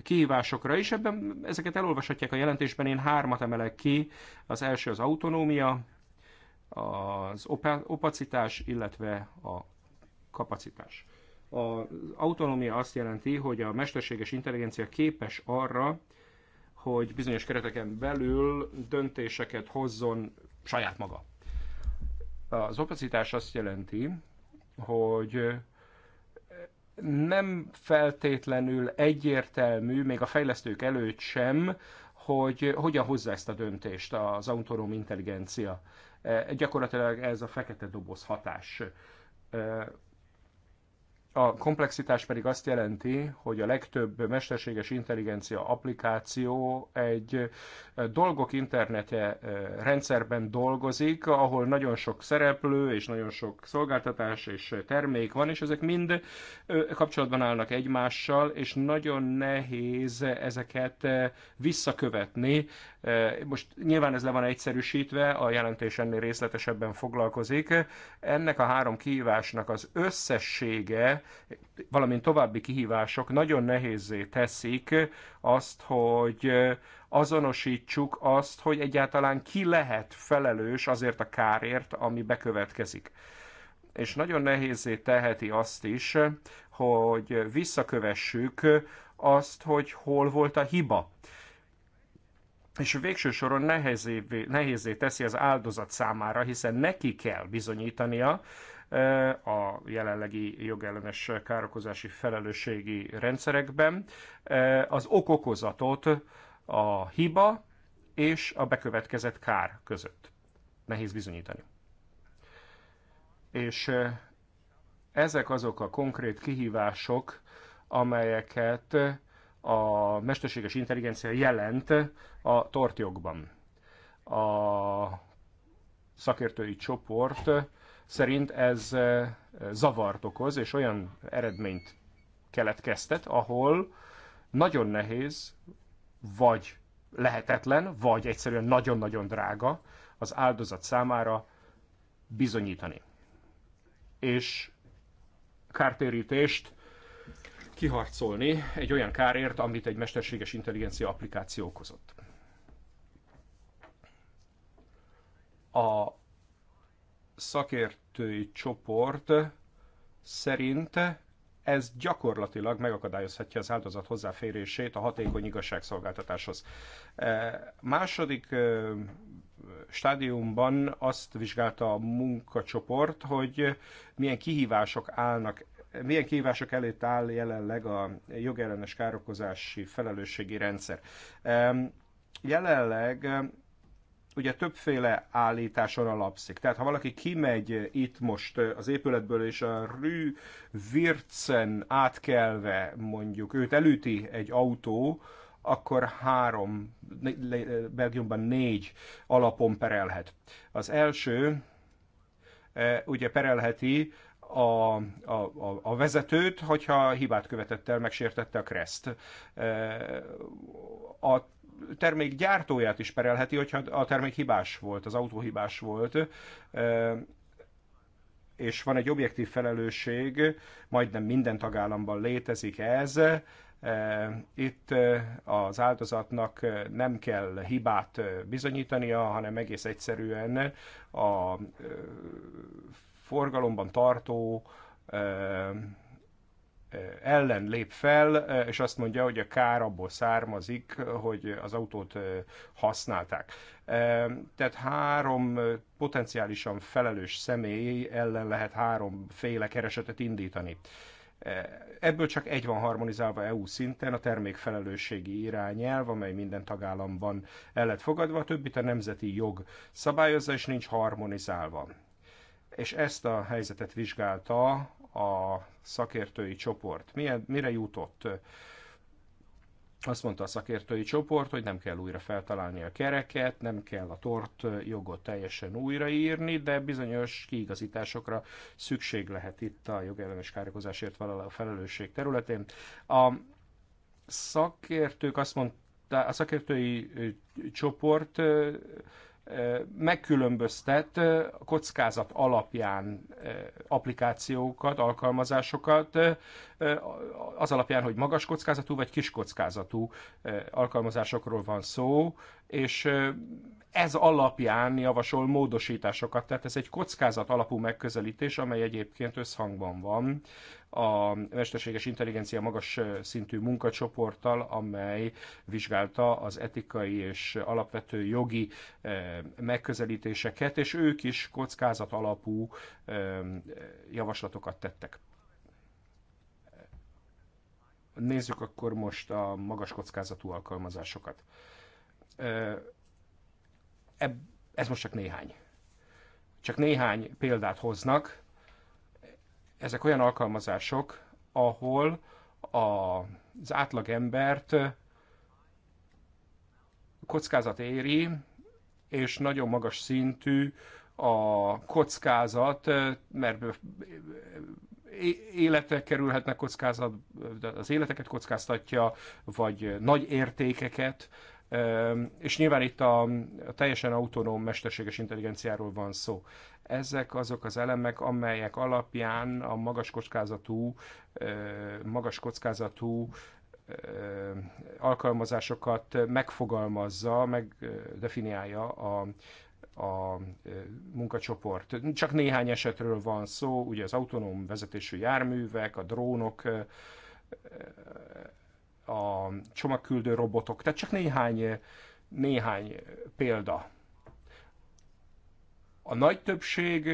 kihívásokra is. Ebben ezeket elolvashatják a jelentésben, én hármat emelek ki. Az első az autonómia, az opacitás, illetve a kapacitás. Az autonómia azt jelenti, hogy a mesterséges intelligencia képes arra, hogy bizonyos kereteken belül döntéseket hozzon saját maga. Az opacitás azt jelenti, hogy nem feltétlenül egyértelmű, még a fejlesztők előtt sem, hogy hogyan hozza ezt a döntést az autonóm intelligencia. Gyakorlatilag ez a fekete doboz hatás. A komplexitás pedig azt jelenti, hogy a legtöbb mesterséges intelligencia applikáció egy eh, dolgok internete eh, rendszerben dolgozik, ahol nagyon sok szereplő és nagyon sok szolgáltatás és termék van, és ezek mind eh, kapcsolatban állnak egymással, és nagyon nehéz ezeket visszakövetni. Most nyilván ez le van egyszerűsítve, a jelentés ennél részletesebben foglalkozik. Ennek a három kihívásnak az összessége valamint további kihívások nagyon nehézé teszik azt, hogy azonosítsuk azt, hogy egyáltalán ki lehet felelős azért a kárért, ami bekövetkezik. És nagyon nehézé teheti azt is, hogy visszakövessük azt, hogy hol volt a hiba és végső soron nehézé, nehézé teszi az áldozat számára, hiszen neki kell bizonyítania, a jelenlegi jogellenes károkozási felelősségi rendszerekben. E, az okokozatot a hiba és a bekövetkezett kár között. Nehéz bizonyítani. És e, ezek azok a konkrét kihívások, amelyeket a mesterséges intelligencia jelent a tortjogban. A szakértői csoport szerint ez eh, zavart okoz, és olyan eredményt keletkeztet, ahol nagyon nehéz, vagy lehetetlen, vagy egyszerűen nagyon-nagyon drága az áldozat számára bizonyítani. És kártérítést kiharcolni egy olyan kárért, amit egy mesterséges intelligencia applikáció okozott. A szakértői csoport szerint ez gyakorlatilag megakadályozhatja az áldozat hozzáférését a hatékony igazságszolgáltatáshoz. E, második e, stádiumban azt vizsgálta a munkacsoport, hogy milyen kihívások állnak milyen kihívások előtt áll jelenleg a jogellenes károkozási felelősségi rendszer. E, jelenleg ugye többféle állításon alapszik. Tehát ha valaki kimegy eh, itt most eh, az épületből, és a rű Vircen átkelve mondjuk őt elüti egy autó, akkor három, eh, Belgiumban négy alapon perelhet. Az első ugye perelheti a, a, a vezetőt, hogyha hibát követett el, megsértette a kreszt. A termék gyártóját is perelheti, hogyha a termék hibás volt, az autó hibás volt, és van egy objektív felelősség, majdnem minden tagállamban létezik ez, itt az áldozatnak nem kell hibát bizonyítania, hanem egész egyszerűen a forgalomban tartó ellen lép fel, és azt mondja, hogy a kár abból származik, hogy az autót használták. Tehát három potenciálisan felelős személy ellen lehet féle keresetet indítani. Ebből csak egy van harmonizálva EU szinten, a termékfelelősségi irányelv, amely minden tagállamban el lett fogadva, a többit a nemzeti jog szabályozza, és nincs harmonizálva. És ezt a helyzetet vizsgálta a szakértői csoport. Milyen, mire jutott? Azt mondta a szakértői csoport, hogy nem kell újra feltalálni a kereket, nem kell a tort jogot teljesen újraírni, de bizonyos kiigazításokra szükség lehet itt a jogellenes károkozásért a felelősség területén. A szakértők azt mondta, a szakértői csoport megkülönböztet kockázat alapján applikációkat, alkalmazásokat az alapján, hogy magas kockázatú vagy kis kockázatú alkalmazásokról van szó, és ez alapján javasol módosításokat, tehát ez egy kockázat alapú megközelítés, amely egyébként összhangban van a mesterséges intelligencia magas szintű munkacsoporttal, amely vizsgálta az etikai és alapvető jogi megközelítéseket, és ők is kockázat alapú javaslatokat tettek. Nézzük akkor most a magas kockázatú alkalmazásokat. Ez most csak néhány. Csak néhány példát hoznak. Ezek olyan alkalmazások, ahol az átlagembert kockázat éri, és nagyon magas szintű a kockázat, mert életek kerülhetnek kockázat, az életeket kockáztatja, vagy nagy értékeket, és nyilván itt a, teljesen autonóm mesterséges intelligenciáról van szó. Ezek azok az elemek, amelyek alapján a magas kockázatú, magas kockázatú alkalmazásokat megfogalmazza, megdefiniálja a a munkacsoport. Csak néhány esetről van szó, ugye az autonóm vezetésű járművek, a drónok, a csomagküldő robotok, tehát csak néhány, néhány példa. A nagy többség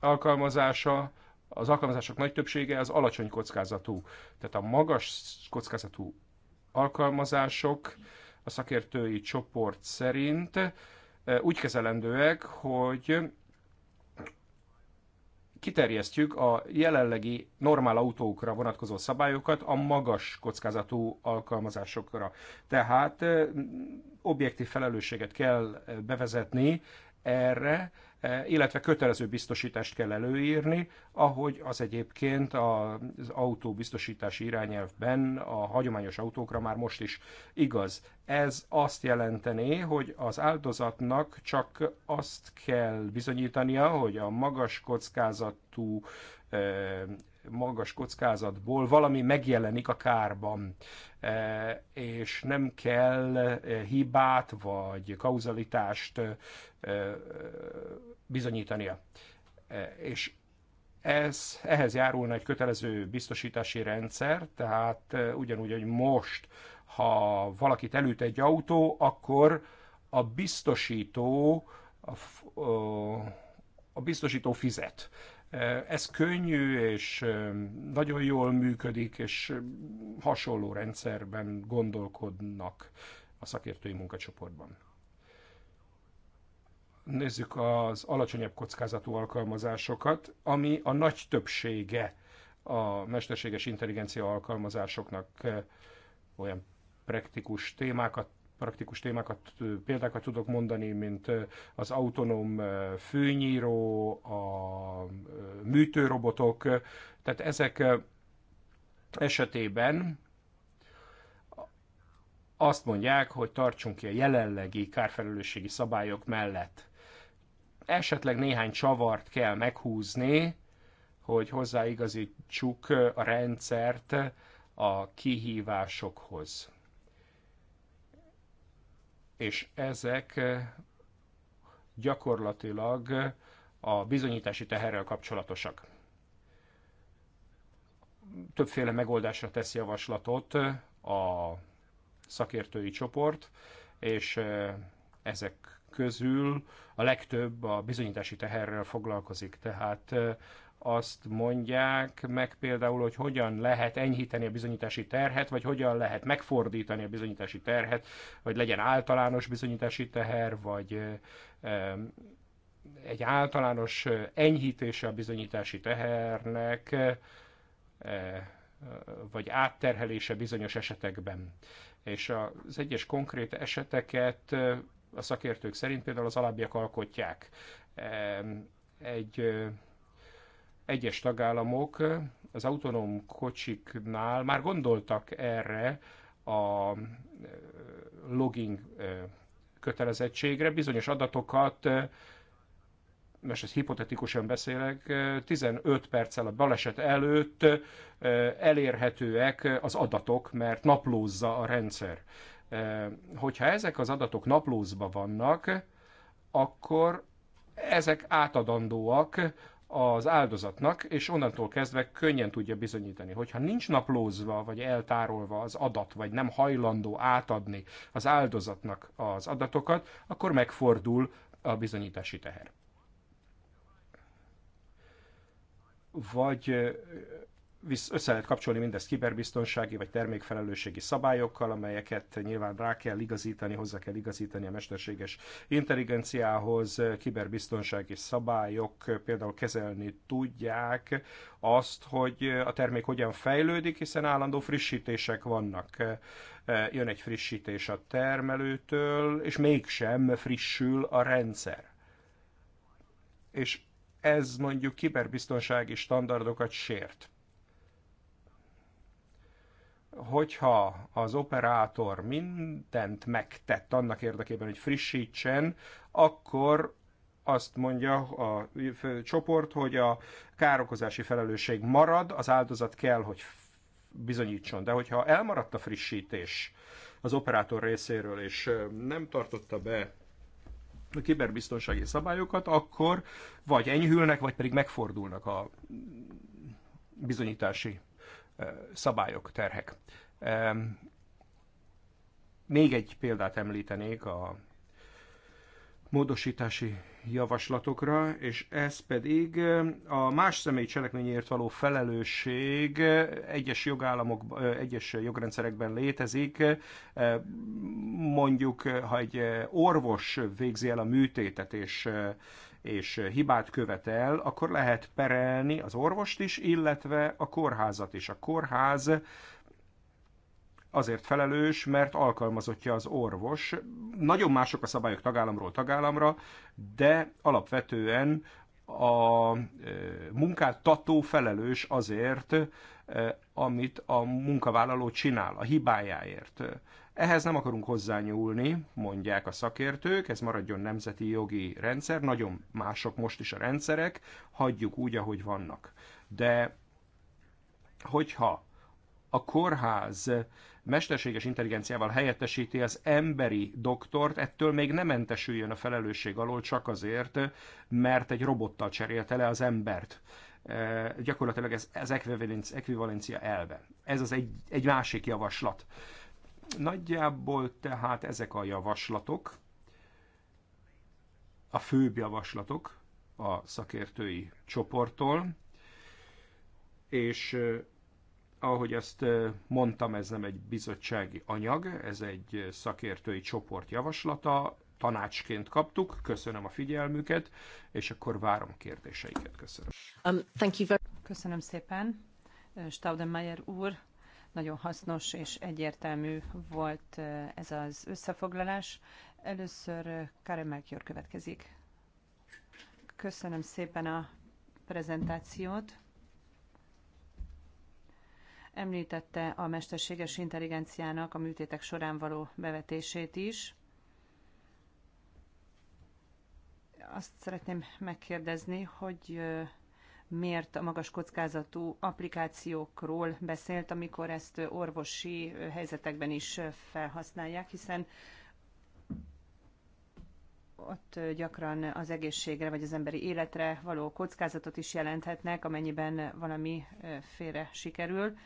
alkalmazása, az alkalmazások nagy többsége az alacsony kockázatú. Tehát a magas kockázatú alkalmazások a szakértői csoport szerint úgy kezelendőek, hogy kiterjesztjük a jelenlegi normál autókra vonatkozó szabályokat a magas kockázatú alkalmazásokra. Tehát objektív felelősséget kell bevezetni erre, Eh, illetve kötelező biztosítást kell előírni, ahogy az egyébként az autóbiztosítási irányelvben a hagyományos autókra már most is igaz. Ez azt jelenteni, hogy az áldozatnak csak azt kell bizonyítania, hogy a magas kockázatú eh, magas kockázatból valami megjelenik a kárban, e, és nem kell e, hibát vagy kauzalitást e, bizonyítania. És ez, ehhez járulna egy kötelező biztosítási rendszer, tehát ugyanúgy, hogy most, ha valakit elüt egy autó, akkor a biztosító a, a biztosító fizet. Ez könnyű, és nagyon jól működik, és hasonló rendszerben gondolkodnak a szakértői munkacsoportban. Nézzük az alacsonyabb kockázatú alkalmazásokat, ami a nagy többsége a mesterséges intelligencia alkalmazásoknak olyan praktikus témákat praktikus témákat, példákat tudok mondani, mint az autonóm főnyíró, a műtőrobotok, tehát ezek esetében azt mondják, hogy tartsunk ki a jelenlegi kárfelelősségi szabályok mellett. Esetleg néhány csavart kell meghúzni, hogy hozzáigazítsuk a rendszert a kihívásokhoz és ezek eh, gyakorlatilag eh, a bizonyítási teherrel kapcsolatosak. Többféle megoldásra tesz javaslatot eh, a szakértői csoport, és ezek közül a legtöbb a bizonyítási teherrel foglalkozik, tehát azt mondják meg például, hogy hogyan lehet enyhíteni a bizonyítási terhet, vagy hogyan lehet megfordítani a bizonyítási terhet, vagy legyen általános bizonyítási teher, vagy egy általános enyhítése a bizonyítási tehernek, vagy átterhelése bizonyos esetekben. És az egyes konkrét eseteket a szakértők szerint például az alábbiak alkotják. Egy egyes tagállamok az autonóm kocsiknál már gondoltak erre a e, logging e, kötelezettségre, bizonyos adatokat, e, most ezt hipotetikusan beszélek, 15 perccel a baleset előtt elérhetőek az adatok, mert naplózza a rendszer. Hogyha ezek az adatok naplózba vannak, akkor ezek átadandóak az áldozatnak, és onnantól kezdve könnyen tudja bizonyítani, hogyha nincs naplózva vagy eltárolva az adat, vagy nem hajlandó átadni az áldozatnak az adatokat, akkor megfordul a bizonyítási teher. Vagy össze lehet kapcsolni mindezt kiberbiztonsági vagy termékfelelősségi szabályokkal, amelyeket nyilván rá kell igazítani, hozzá kell igazítani a mesterséges intelligenciához. Kiberbiztonsági szabályok például kezelni tudják azt, hogy a termék hogyan fejlődik, hiszen állandó frissítések vannak. Jön egy frissítés a termelőtől, és mégsem frissül a rendszer. És ez mondjuk kiberbiztonsági standardokat sért hogyha az operátor mindent megtett annak érdekében, hogy frissítsen, akkor azt mondja a csoport, hogy a károkozási felelősség marad, az áldozat kell, hogy bizonyítson. De hogyha elmaradt a frissítés az operátor részéről, és nem tartotta be a kiberbiztonsági szabályokat, akkor vagy enyhülnek, vagy pedig megfordulnak a bizonyítási szabályok, terhek. Még egy példát említenék a módosítási javaslatokra, és ez pedig a más személy cselekményért való felelősség egyes jogállamok, egyes jogrendszerekben létezik. Mondjuk, ha egy orvos végzi el a műtétet, és és hibát követel, akkor lehet perelni az orvost is, illetve a kórházat is. A kórház azért felelős, mert alkalmazottja az orvos. Nagyon mások a szabályok tagállamról tagállamra, de alapvetően a e, munkáltató felelős azért, e, amit a munkavállaló csinál, a hibájáért. Ehhez nem akarunk hozzányúlni, mondják a szakértők, ez maradjon nemzeti jogi rendszer, nagyon mások most is a rendszerek, hagyjuk úgy, ahogy vannak. De hogyha a kórház mesterséges intelligenciával helyettesíti az emberi doktort, ettől még nem mentesüljön a felelősség alól csak azért, mert egy robottal cserélte le az embert. E, gyakorlatilag ez, ez ekvivalencia elve. Ez az egy, egy másik javaslat. Nagyjából tehát ezek a javaslatok, a főbb javaslatok a szakértői csoporttól, és ahogy ezt mondtam, ez nem egy bizottsági anyag, ez egy szakértői csoport javaslata, tanácsként kaptuk, köszönöm a figyelmüket, és akkor várom a kérdéseiket. Köszönöm. Um, thank you very... Köszönöm szépen, Staudenmayer úr. Nagyon hasznos és egyértelmű volt ez az összefoglalás. Először Karen Melchior következik. Köszönöm szépen a prezentációt. Említette a mesterséges intelligenciának a műtétek során való bevetését is. Azt szeretném megkérdezni, hogy miért a magas kockázatú applikációkról beszélt, amikor ezt orvosi helyzetekben is felhasználják, hiszen ott gyakran az egészségre vagy az emberi életre való kockázatot is jelenthetnek, amennyiben valami félre sikerül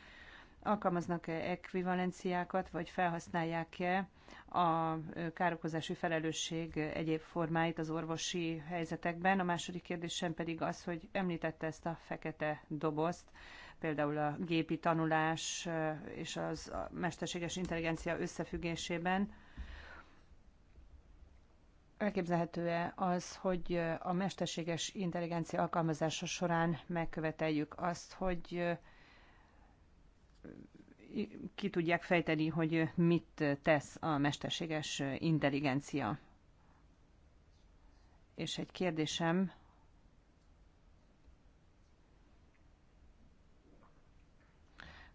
alkalmaznak-e ekvivalenciákat, vagy felhasználják-e a károkozási felelősség egyéb formáit az orvosi helyzetekben. A második kérdésem pedig az, hogy említette ezt a fekete dobozt, például a gépi tanulás és az mesterséges intelligencia összefüggésében. Elképzelhető-e az, hogy a mesterséges intelligencia alkalmazása során megköveteljük azt, hogy ki tudják fejteni, hogy mit tesz a mesterséges intelligencia. És egy kérdésem,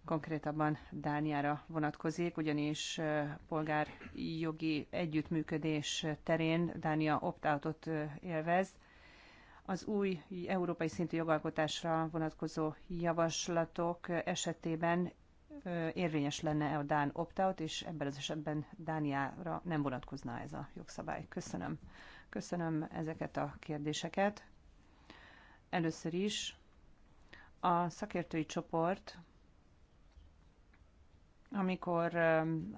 konkrétabban Dániára vonatkozik, ugyanis polgárjogi együttműködés terén Dánia opt-outot élvez. Az új európai szintű jogalkotásra vonatkozó javaslatok esetében érvényes lenne a Dán opt-out, és ebben az esetben Dániára nem vonatkozna ez a jogszabály. Köszönöm. Köszönöm ezeket a kérdéseket. Először is a szakértői csoport, amikor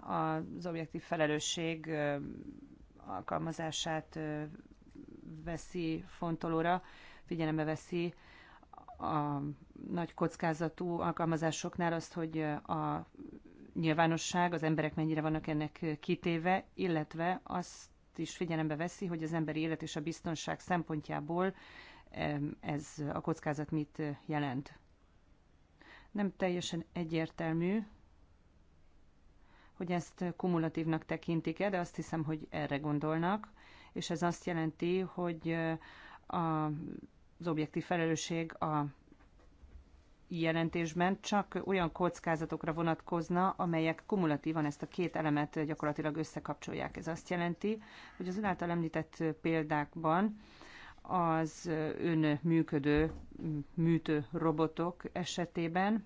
az objektív felelősség alkalmazását veszi fontolóra, figyelembe veszi a nagy kockázatú alkalmazásoknál azt, hogy a nyilvánosság, az emberek mennyire vannak ennek kitéve, illetve azt is figyelembe veszi, hogy az emberi élet és a biztonság szempontjából ez a kockázat mit jelent. Nem teljesen egyértelmű, hogy ezt kumulatívnak tekintik-e, de azt hiszem, hogy erre gondolnak, és ez azt jelenti, hogy a az objektív felelősség a jelentésben csak olyan kockázatokra vonatkozna, amelyek kumulatívan ezt a két elemet gyakorlatilag összekapcsolják. Ez azt jelenti, hogy az önáltal említett példákban az önműködő műtő robotok esetében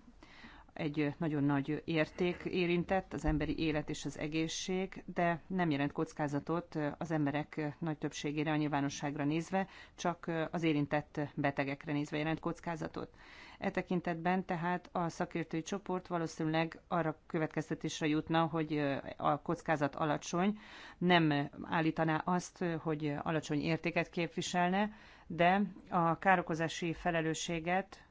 egy nagyon nagy érték érintett, az emberi élet és az egészség, de nem jelent kockázatot az emberek nagy többségére a nyilvánosságra nézve, csak az érintett betegekre nézve jelent kockázatot. E tekintetben tehát a szakértői csoport valószínűleg arra következtetésre jutna, hogy a kockázat alacsony, nem állítaná azt, hogy alacsony értéket képviselne, de a károkozási felelősséget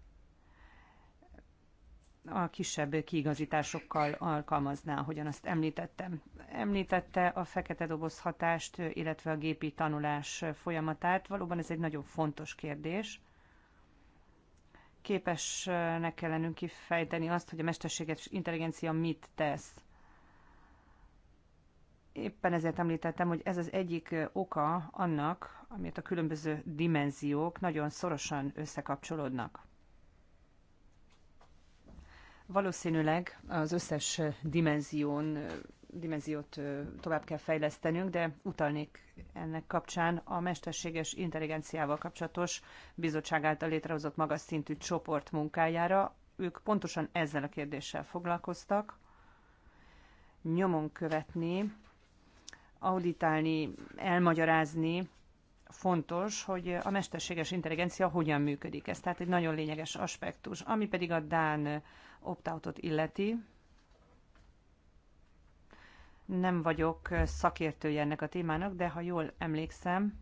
a kisebb kiigazításokkal alkalmazná, ahogyan azt említettem. Említette a fekete doboz hatást, illetve a gépi tanulás folyamatát. Valóban ez egy nagyon fontos kérdés. Képesnek kell lennünk kifejteni azt, hogy a mesterséges intelligencia mit tesz. Éppen ezért említettem, hogy ez az egyik oka annak, amit a különböző dimenziók nagyon szorosan összekapcsolódnak Valószínűleg az összes dimenzión, dimenziót tovább kell fejlesztenünk, de utalnék ennek kapcsán a mesterséges intelligenciával kapcsolatos bizottság által létrehozott magas szintű csoport munkájára. Ők pontosan ezzel a kérdéssel foglalkoztak. Nyomon követni, auditálni, elmagyarázni fontos, hogy a mesterséges intelligencia hogyan működik. Ez tehát egy nagyon lényeges aspektus. Ami pedig a Dán opt-outot illeti, nem vagyok szakértője ennek a témának, de ha jól emlékszem,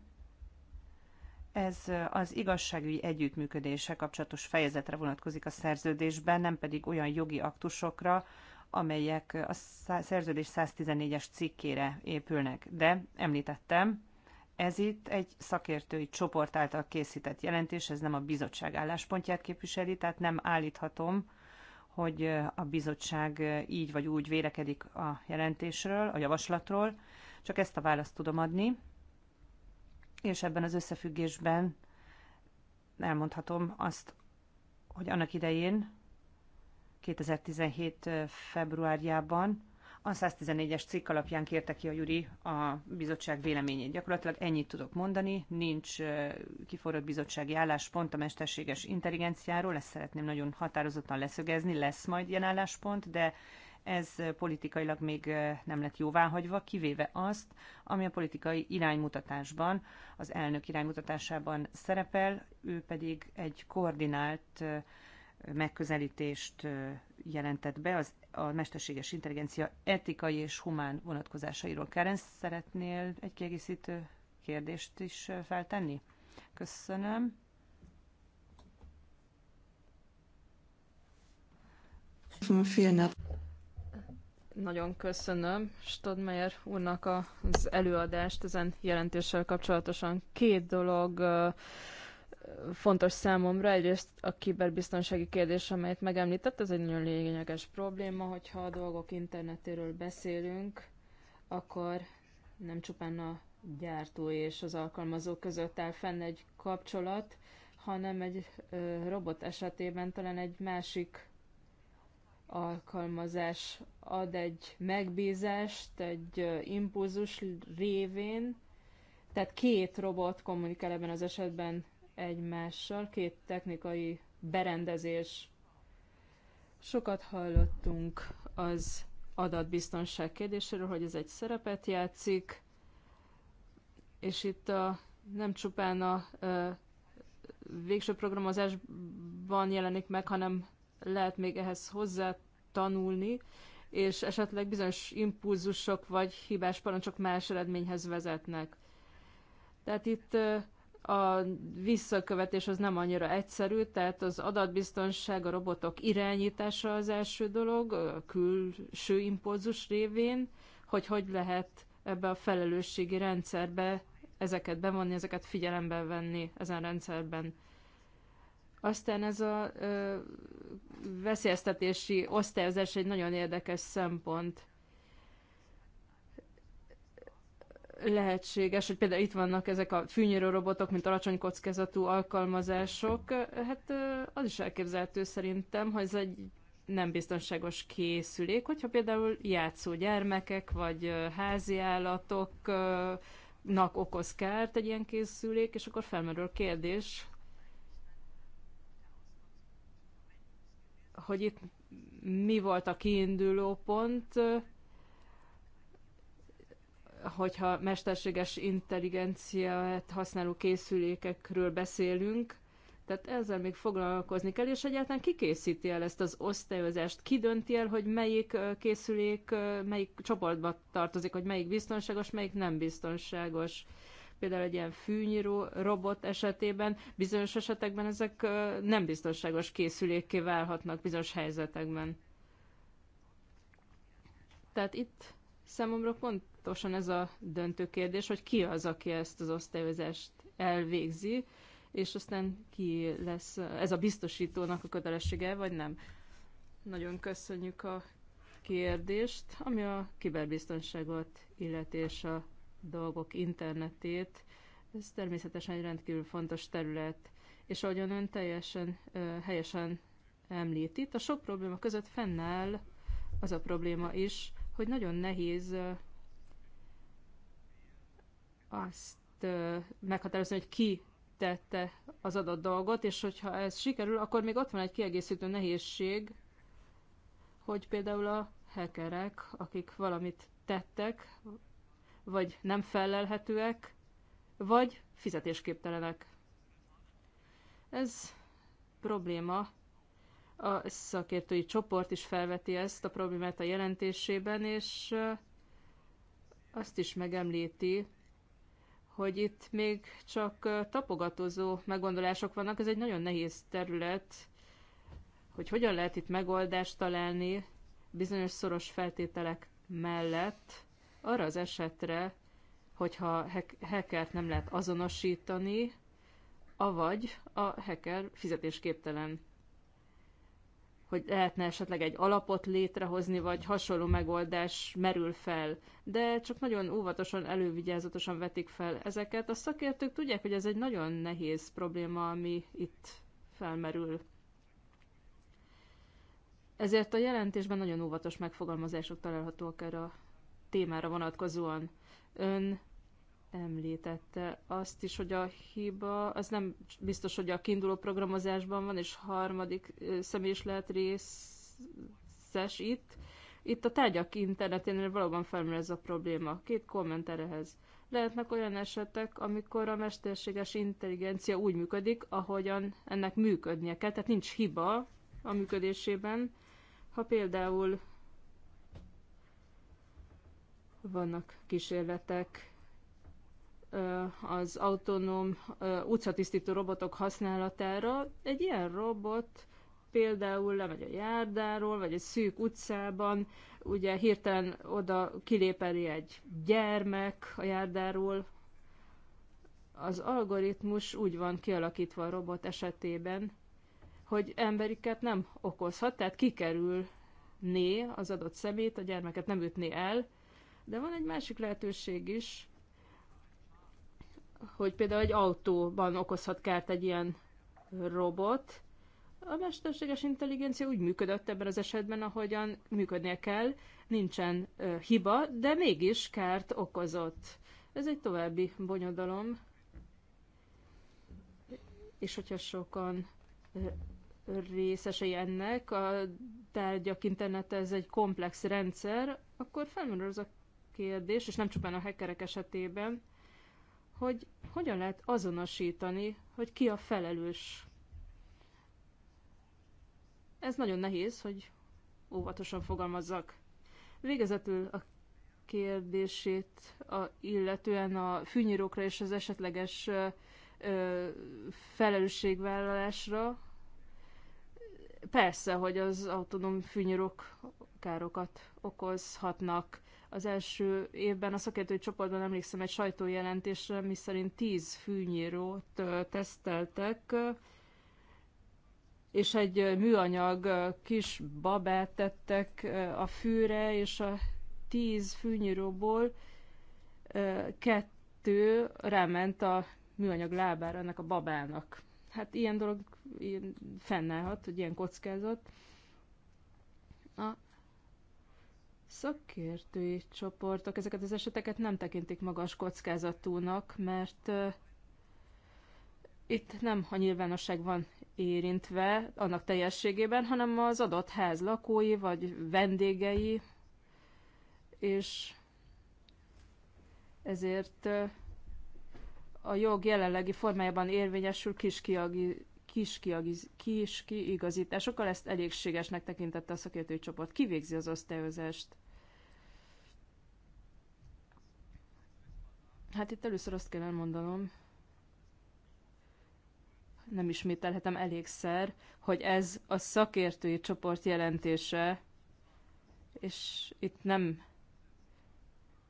ez az igazságügyi együttműködése kapcsolatos fejezetre vonatkozik a szerződésben, nem pedig olyan jogi aktusokra, amelyek a szerződés 114-es cikkére épülnek. De említettem, ez itt egy szakértői csoport által készített jelentés, ez nem a bizottság álláspontját képviseli, tehát nem állíthatom, hogy a bizottság így vagy úgy vélekedik a jelentésről, a javaslatról, csak ezt a választ tudom adni, és ebben az összefüggésben elmondhatom azt, hogy annak idején, 2017. februárjában a 114-es cikk alapján kérte ki a Juri a bizottság véleményét. Gyakorlatilag ennyit tudok mondani, nincs kiforrott bizottsági álláspont a mesterséges intelligenciáról, ezt szeretném nagyon határozottan leszögezni, lesz majd ilyen álláspont, de ez politikailag még nem lett jóváhagyva, kivéve azt, ami a politikai iránymutatásban, az elnök iránymutatásában szerepel, ő pedig egy koordinált megközelítést jelentett be az, a mesterséges intelligencia etikai és humán vonatkozásairól. Karen, szeretnél egy kiegészítő kérdést is feltenni? Köszönöm. Nagyon köszönöm Stadmeyer úrnak az előadást ezen jelentéssel kapcsolatosan. Két dolog fontos számomra. Egyrészt a kiberbiztonsági kérdés, amelyet megemlített, ez egy nagyon lényeges probléma, hogyha a dolgok internetéről beszélünk, akkor nem csupán a gyártó és az alkalmazó között áll fenn egy kapcsolat, hanem egy ö, robot esetében talán egy másik alkalmazás ad egy megbízást, egy ö, impulzus révén, tehát két robot kommunikál ebben az esetben egymással, két technikai berendezés. Sokat hallottunk az adatbiztonság kérdéséről, hogy ez egy szerepet játszik, és itt a, nem csupán a a végső programozásban jelenik meg, hanem lehet még ehhez hozzá tanulni, és esetleg bizonyos impulzusok vagy hibás parancsok más eredményhez vezetnek. Tehát itt uh, a visszakövetés az nem annyira egyszerű, tehát az adatbiztonság, a robotok irányítása az első dolog, a külső impulzus révén, hogy hogy lehet ebbe a felelősségi rendszerbe ezeket bevonni, ezeket figyelembe venni ezen rendszerben. Aztán ez a ö, veszélyeztetési osztályozás egy nagyon érdekes szempont. lehetséges, hogy például itt vannak ezek a fűnyírő robotok, mint alacsony kockázatú alkalmazások, hát az is elképzelhető szerintem, hogy ez egy nem biztonságos készülék, hogyha például játszó gyermekek vagy házi állatoknak okoz kárt egy ilyen készülék, és akkor felmerül a kérdés, hogy itt mi volt a kiinduló pont, hogyha mesterséges intelligenciát használó készülékekről beszélünk, tehát ezzel még foglalkozni kell, és egyáltalán ki készíti el ezt az osztályozást? Ki dönti el, hogy melyik készülék, melyik csoportba tartozik, hogy melyik biztonságos, melyik nem biztonságos? Például egy ilyen fűnyíró robot esetében bizonyos esetekben ezek nem biztonságos készülékké válhatnak bizonyos helyzetekben. Tehát itt számomra pont pontosan ez a döntő kérdés, hogy ki az, aki ezt az osztályozást elvégzi, és aztán ki lesz ez a biztosítónak a kötelessége, vagy nem. Nagyon köszönjük a kérdést, ami a kiberbiztonságot, illeti és a dolgok internetét. Ez természetesen egy rendkívül fontos terület, és ahogyan ön teljesen helyesen említ, itt a sok probléma között fennáll az a probléma is, hogy nagyon nehéz azt meghatározni, hogy ki tette az adott dolgot, és hogyha ez sikerül, akkor még ott van egy kiegészítő nehézség, hogy például a hackerek, akik valamit tettek, vagy nem felelhetőek, vagy fizetésképtelenek. Ez probléma. A szakértői csoport is felveti ezt a problémát a jelentésében, és azt is megemlíti, hogy itt még csak tapogatózó meggondolások vannak. Ez egy nagyon nehéz terület, hogy hogyan lehet itt megoldást találni bizonyos szoros feltételek mellett arra az esetre, hogyha hackert nem lehet azonosítani, avagy a hacker fizetésképtelen hogy lehetne esetleg egy alapot létrehozni, vagy hasonló megoldás merül fel. De csak nagyon óvatosan, elővigyázatosan vetik fel ezeket. A szakértők tudják, hogy ez egy nagyon nehéz probléma, ami itt felmerül. Ezért a jelentésben nagyon óvatos megfogalmazások találhatóak erre a témára vonatkozóan. Ön említette azt is, hogy a hiba az nem biztos, hogy a kiinduló programozásban van, és harmadik személy is lehet részes itt. Itt a tárgyak interneténél valóban felmerül ez a probléma. Két kommenter ehhez. Lehetnek olyan esetek, amikor a mesterséges intelligencia úgy működik, ahogyan ennek működnie kell, tehát nincs hiba a működésében. Ha például vannak kísérletek az autonóm utcatisztító robotok használatára. Egy ilyen robot például lemegy a járdáról, vagy egy szűk utcában, ugye hirtelen oda kilépeli egy gyermek a járdáról. Az algoritmus úgy van kialakítva a robot esetében, hogy emberiket nem okozhat, tehát kikerülné az adott szemét, a gyermeket nem ütné el, de van egy másik lehetőség is, hogy például egy autóban okozhat kárt egy ilyen robot. A mesterséges intelligencia úgy működött ebben az esetben, ahogyan működnie kell, nincsen ö, hiba, de mégis kárt okozott. Ez egy további bonyodalom. És hogyha sokan részesei ennek, a tárgyak internete ez egy komplex rendszer, akkor felmerül az a kérdés, és nem csupán a hackerek esetében, hogy hogyan lehet azonosítani, hogy ki a felelős. Ez nagyon nehéz, hogy óvatosan fogalmazzak. Végezetül a kérdését a, illetően a fűnyírókra és az esetleges ö, ö, felelősségvállalásra. Persze, hogy az autonóm fűnyírók károkat okozhatnak. Az első évben a szakértői csoportban emlékszem egy sajtójelentésre, miszerint 10 fűnyírót teszteltek, és egy műanyag kis babát tettek a fűre, és a 10 fűnyíróból kettő ráment a műanyag lábára ennek a babának. Hát ilyen dolog ilyen fennállhat, hogy ilyen kockázat. A szakértői csoportok ezeket az eseteket nem tekintik magas kockázatúnak, mert itt nem a nyilvánosság van érintve annak teljességében, hanem az adott ház lakói vagy vendégei, és ezért a jog jelenlegi formájában érvényesül kis kis, kiagiz, kis kiigazításokkal, ezt elégségesnek tekintette a szakértői csoport. Kivégzi az osztályozást? Hát itt először azt kell elmondanom, nem ismételhetem elégszer, hogy ez a szakértői csoport jelentése, és itt nem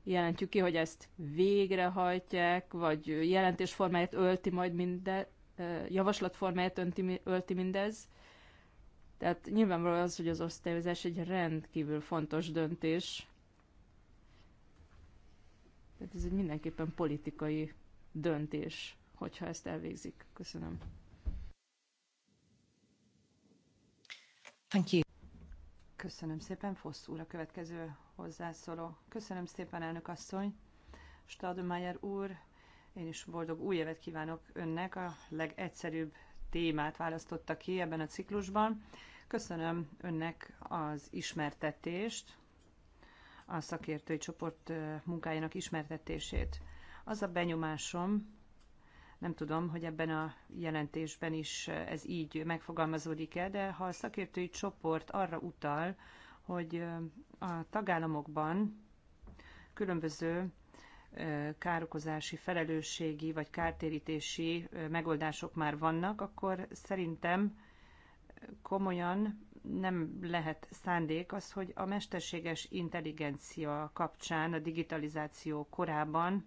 jelentjük ki, hogy ezt végrehajtják, vagy jelentés formáját ölti majd minden javaslat önti, ölti mindez. Tehát nyilvánvaló az, hogy az osztályozás egy rendkívül fontos döntés. Tehát ez egy mindenképpen politikai döntés, hogyha ezt elvégzik. Köszönöm. Thank you. Köszönöm szépen, Fossz úr, a következő hozzászóló. Köszönöm szépen, elnök asszony. Stademeyer úr, én is boldog új évet kívánok önnek. A legegyszerűbb témát választotta ki ebben a ciklusban. Köszönöm önnek az ismertetést, a szakértői csoport munkájának ismertetését. Az a benyomásom, nem tudom, hogy ebben a jelentésben is ez így megfogalmazódik-e, de ha a szakértői csoport arra utal, hogy a tagállamokban különböző károkozási, felelősségi vagy kártérítési megoldások már vannak, akkor szerintem komolyan nem lehet szándék az, hogy a mesterséges intelligencia kapcsán a digitalizáció korában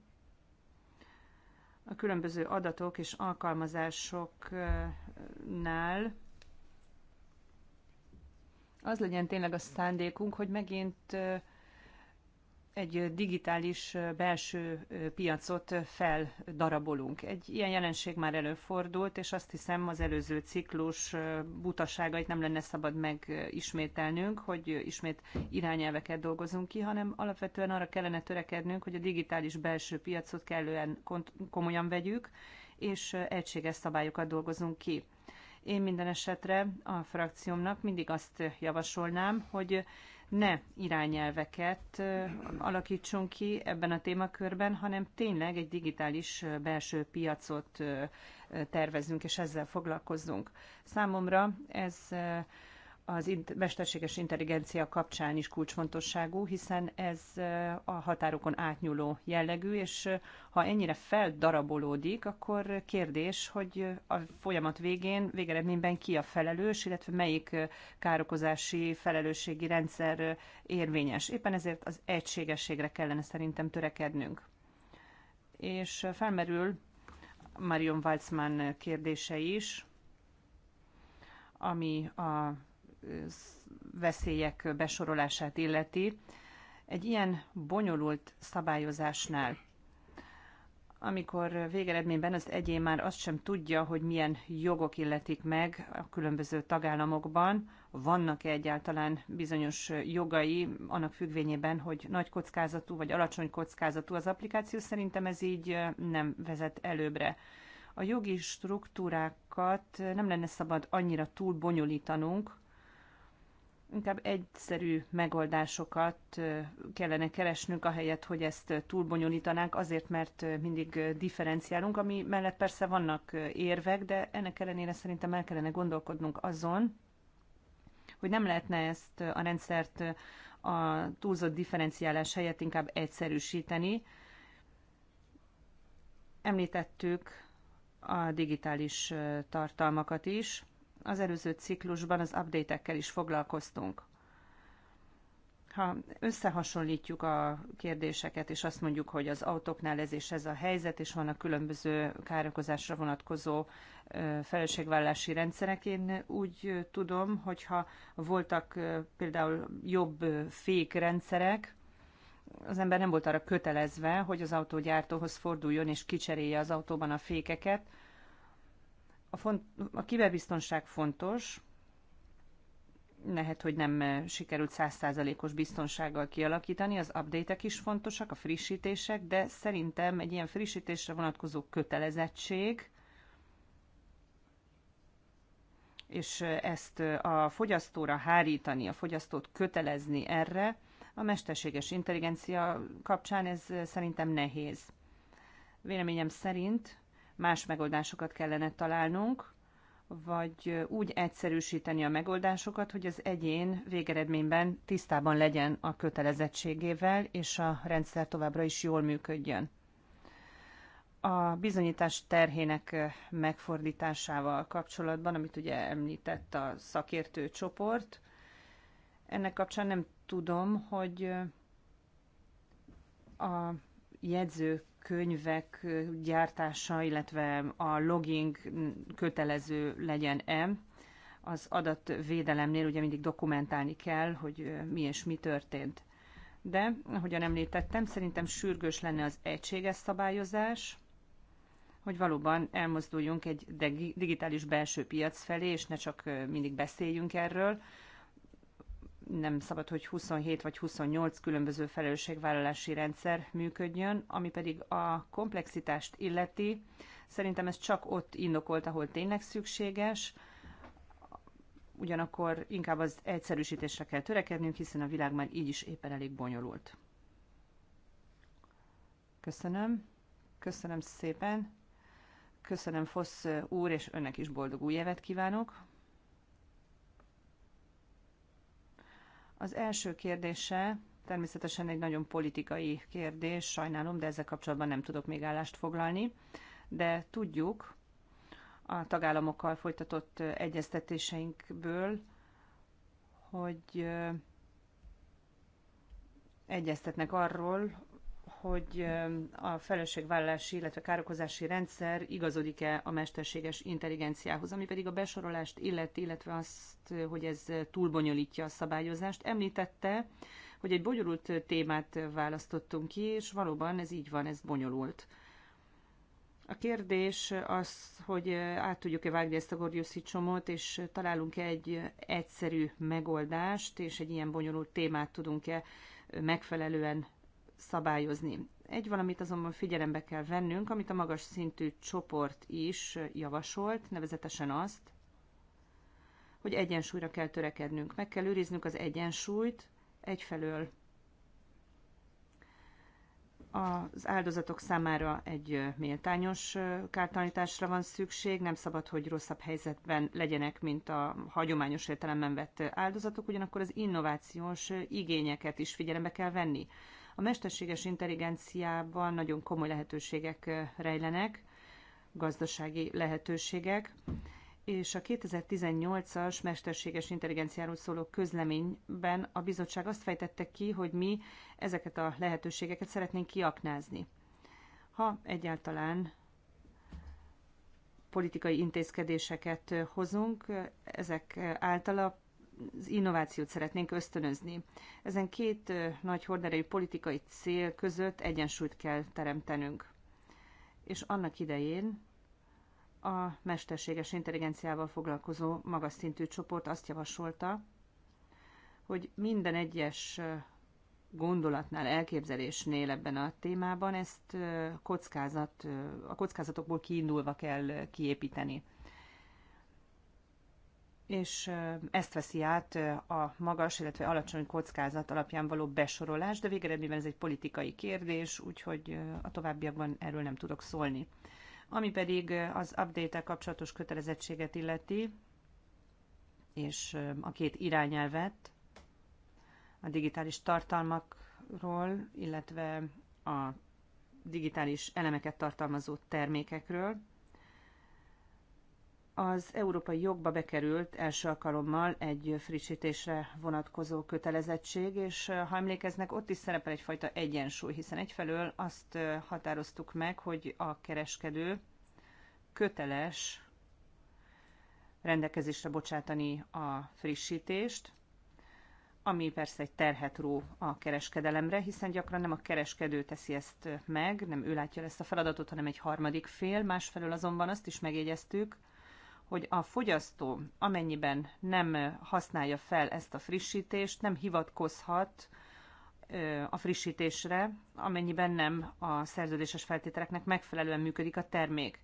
a különböző adatok és alkalmazásoknál az legyen tényleg a szándékunk, hogy megint egy digitális belső piacot feldarabolunk. Egy ilyen jelenség már előfordult, és azt hiszem az előző ciklus butaságait nem lenne szabad megismételnünk, hogy ismét irányelveket dolgozunk ki, hanem alapvetően arra kellene törekednünk, hogy a digitális belső piacot kellően komolyan vegyük, és egységes szabályokat dolgozunk ki. Én minden esetre a frakciómnak mindig azt javasolnám, hogy ne irányelveket alakítsunk ki ebben a témakörben, hanem tényleg egy digitális belső piacot tervezünk, és ezzel foglalkozzunk. Számomra ez az mesterséges intelligencia kapcsán is kulcsfontosságú, hiszen ez a határokon átnyúló jellegű, és ha ennyire feldarabolódik, akkor kérdés, hogy a folyamat végén, végeredményben ki a felelős, illetve melyik károkozási felelősségi rendszer érvényes. Éppen ezért az egységességre kellene szerintem törekednünk. És felmerül Marion Weizmann kérdése is, ami a veszélyek besorolását illeti. Egy ilyen bonyolult szabályozásnál, amikor végeredményben az egyén már azt sem tudja, hogy milyen jogok illetik meg a különböző tagállamokban, vannak-e egyáltalán bizonyos jogai annak függvényében, hogy nagy kockázatú vagy alacsony kockázatú az applikáció, szerintem ez így nem vezet előbbre a jogi struktúrákat nem lenne szabad annyira túl bonyolítanunk, inkább egyszerű megoldásokat kellene keresnünk, ahelyett, hogy ezt túlbonyolítanánk, azért, mert mindig differenciálunk, ami mellett persze vannak érvek, de ennek ellenére szerintem el kellene gondolkodnunk azon, hogy nem lehetne ezt a rendszert a túlzott differenciálás helyett inkább egyszerűsíteni. Említettük a digitális tartalmakat is, az előző ciklusban az update-ekkel is foglalkoztunk. Ha összehasonlítjuk a kérdéseket, és azt mondjuk, hogy az autóknál ez és ez a helyzet, és vannak különböző károkozásra vonatkozó felelősségvállási rendszerek, én úgy tudom, hogyha voltak például jobb fékrendszerek, az ember nem volt arra kötelezve, hogy az autógyártóhoz forduljon és kicserélje az autóban a fékeket, a, font, a kiberbiztonság fontos, lehet, hogy nem eh, sikerült százszázalékos biztonsággal kialakítani, az update-ek is fontosak, a frissítések, de szerintem egy ilyen frissítésre vonatkozó kötelezettség, és eh, ezt eh, a fogyasztóra hárítani, a fogyasztót kötelezni erre, a mesterséges intelligencia kapcsán ez szerintem nehéz. Véleményem szerint más megoldásokat kellene találnunk, vagy úgy egyszerűsíteni a megoldásokat, hogy az egyén végeredményben tisztában legyen a kötelezettségével, és a rendszer továbbra is jól működjön. A bizonyítás terhének megfordításával kapcsolatban, amit ugye említett a szakértő csoport, ennek kapcsán nem tudom, hogy a jegyzők könyvek gyártása, illetve a logging kötelező legyen-e. Az adatvédelemnél ugye mindig dokumentálni kell, hogy mi és mi történt. De, ahogyan említettem, szerintem sürgős lenne az egységes szabályozás, hogy valóban elmozduljunk egy digitális belső piac felé, és ne csak mindig beszéljünk erről, nem szabad, hogy 27 vagy 28 különböző felelősségvállalási rendszer működjön, ami pedig a komplexitást illeti. Szerintem ez csak ott indokolt, ahol tényleg szükséges, ugyanakkor inkább az egyszerűsítésre kell törekednünk, hiszen a világ már így is éppen elég bonyolult. Köszönöm. Köszönöm szépen. Köszönöm Fosz eh, úr, és önnek is boldog új évet kívánok. Az első kérdése természetesen egy nagyon politikai kérdés, sajnálom, de ezzel kapcsolatban nem tudok még állást foglalni, de tudjuk a tagállamokkal folytatott egyeztetéseinkből, hogy egyeztetnek arról, hogy a felelősségvállalási, illetve károkozási rendszer igazodik-e a mesterséges intelligenciához, ami pedig a besorolást illeti, illetve azt, hogy ez túlbonyolítja a szabályozást. Említette, hogy egy bonyolult témát választottunk ki, és valóban ez így van, ez bonyolult. A kérdés az, hogy át tudjuk-e vágni ezt a Gordiuszi csomót, és találunk-e egy egyszerű megoldást, és egy ilyen bonyolult témát tudunk-e megfelelően szabályozni. Egy valamit azonban figyelembe kell vennünk, amit a magas szintű csoport is javasolt, nevezetesen azt, hogy egyensúlyra kell törekednünk. Meg kell őriznünk az egyensúlyt egyfelől az áldozatok számára egy méltányos kártalanításra van szükség, nem szabad, hogy rosszabb helyzetben legyenek, mint a hagyományos értelemben vett áldozatok, ugyanakkor az innovációs igényeket is figyelembe kell venni. A mesterséges intelligenciában nagyon komoly lehetőségek rejlenek, gazdasági lehetőségek, és a 2018-as mesterséges intelligenciáról szóló közleményben a bizottság azt fejtette ki, hogy mi ezeket a lehetőségeket szeretnénk kiaknázni. Ha egyáltalán politikai intézkedéseket hozunk, ezek által a az innovációt szeretnénk ösztönözni. Ezen két nagy horderejű politikai cél között egyensúlyt kell teremtenünk. És annak idején a mesterséges intelligenciával foglalkozó magas szintű csoport azt javasolta, hogy minden egyes gondolatnál, elképzelésnél ebben a témában ezt kockázat, a kockázatokból kiindulva kell kiépíteni és ezt veszi át a magas, illetve alacsony kockázat alapján való besorolás, de végeredményben ez egy politikai kérdés, úgyhogy a továbbiakban erről nem tudok szólni. Ami pedig az update kapcsolatos kötelezettséget illeti, és a két irányelvet, a digitális tartalmakról, illetve a digitális elemeket tartalmazó termékekről, az európai jogba bekerült első alkalommal egy frissítésre vonatkozó kötelezettség, és ha emlékeznek, ott is szerepel egyfajta egyensúly, hiszen egyfelől azt határoztuk meg, hogy a kereskedő köteles rendelkezésre bocsátani a frissítést, ami persze egy terhet ró a kereskedelemre, hiszen gyakran nem a kereskedő teszi ezt meg, nem ő látja ezt a feladatot, hanem egy harmadik fél. Másfelől azonban azt is megjegyeztük, hogy a fogyasztó amennyiben nem használja fel ezt a frissítést, nem hivatkozhat a frissítésre, amennyiben nem a szerződéses feltételeknek megfelelően működik a termék.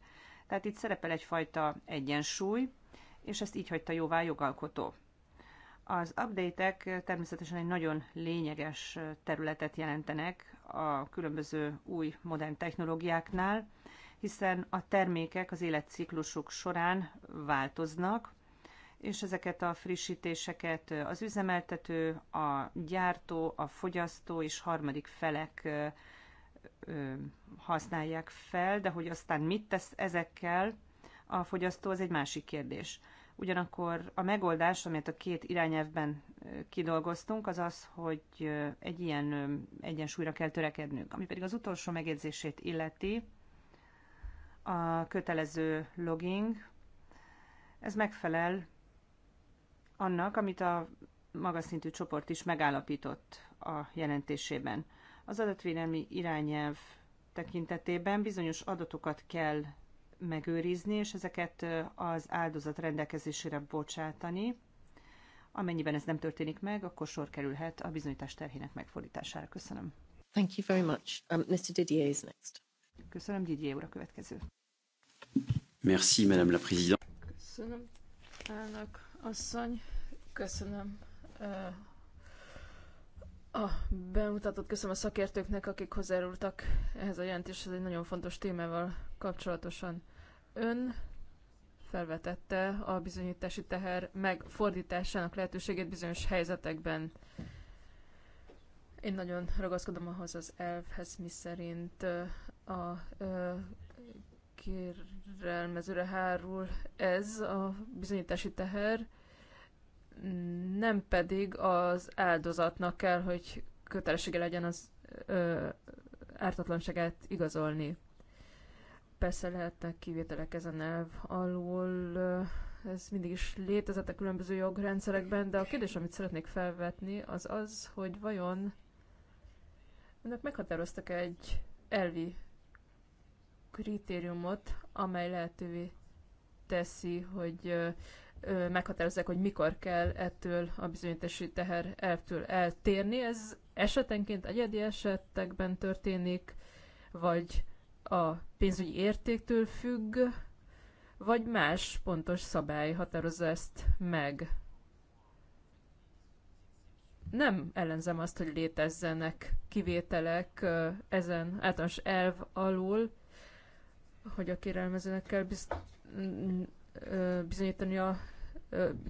Tehát itt szerepel egyfajta egyensúly, és ezt így hagyta jóvá a jogalkotó. Az update-ek természetesen egy nagyon lényeges területet jelentenek a különböző új modern technológiáknál, hiszen a termékek az életciklusuk során változnak, és ezeket a frissítéseket az üzemeltető, a gyártó, a fogyasztó és harmadik felek használják fel, de hogy aztán mit tesz ezekkel a fogyasztó, az egy másik kérdés. Ugyanakkor a megoldás, amit a két irányelvben kidolgoztunk, az az, hogy egy ilyen egyensúlyra kell törekednünk. Ami pedig az utolsó megjegyzését illeti, a kötelező logging. Ez megfelel annak, amit a magas szintű csoport is megállapított a jelentésében. Az adatvédelmi irányelv tekintetében bizonyos adatokat kell megőrizni, és ezeket az áldozat rendelkezésére bocsátani. Amennyiben ez nem történik meg, akkor sor kerülhet a bizonyítás terhének megfordítására. Köszönöm. Thank you very much. Um, Mr. Didier is next. Köszönöm, Didier úr a következő. Merci, Madame la Présidente. Köszönöm, elnök asszony. Köszönöm eh, a bemutatót, köszönöm a szakértőknek, akik hozzárultak ehhez a jelentéshez egy nagyon fontos témával kapcsolatosan. Ön felvetette a bizonyítási teher megfordításának lehetőségét bizonyos helyzetekben. Én nagyon ragaszkodom ahhoz az elvhez, miszerint eh, a, a, eh, a kér mezőre hárul ez a bizonyítási teher, nem pedig az áldozatnak kell, hogy kötelessége legyen az ö, ártatlanságát igazolni. Persze lehetnek kivételek ezen elv alól, ez mindig is létezett a különböző jogrendszerekben, de a kérdés, amit szeretnék felvetni, az az, hogy vajon önök meghatároztak -e egy elvi kritériumot, amely lehetővé teszi, hogy meghatározzák, hogy mikor kell ettől a bizonyítási teher elvtől eltérni. Ez esetenként egyedi esetekben történik, vagy a pénzügyi értéktől függ, vagy más pontos szabály határozza ezt meg. Nem ellenzem azt, hogy létezzenek kivételek ezen általános elv alól, hogy a kérelmezőnek kell biz, mm, bizonyítani a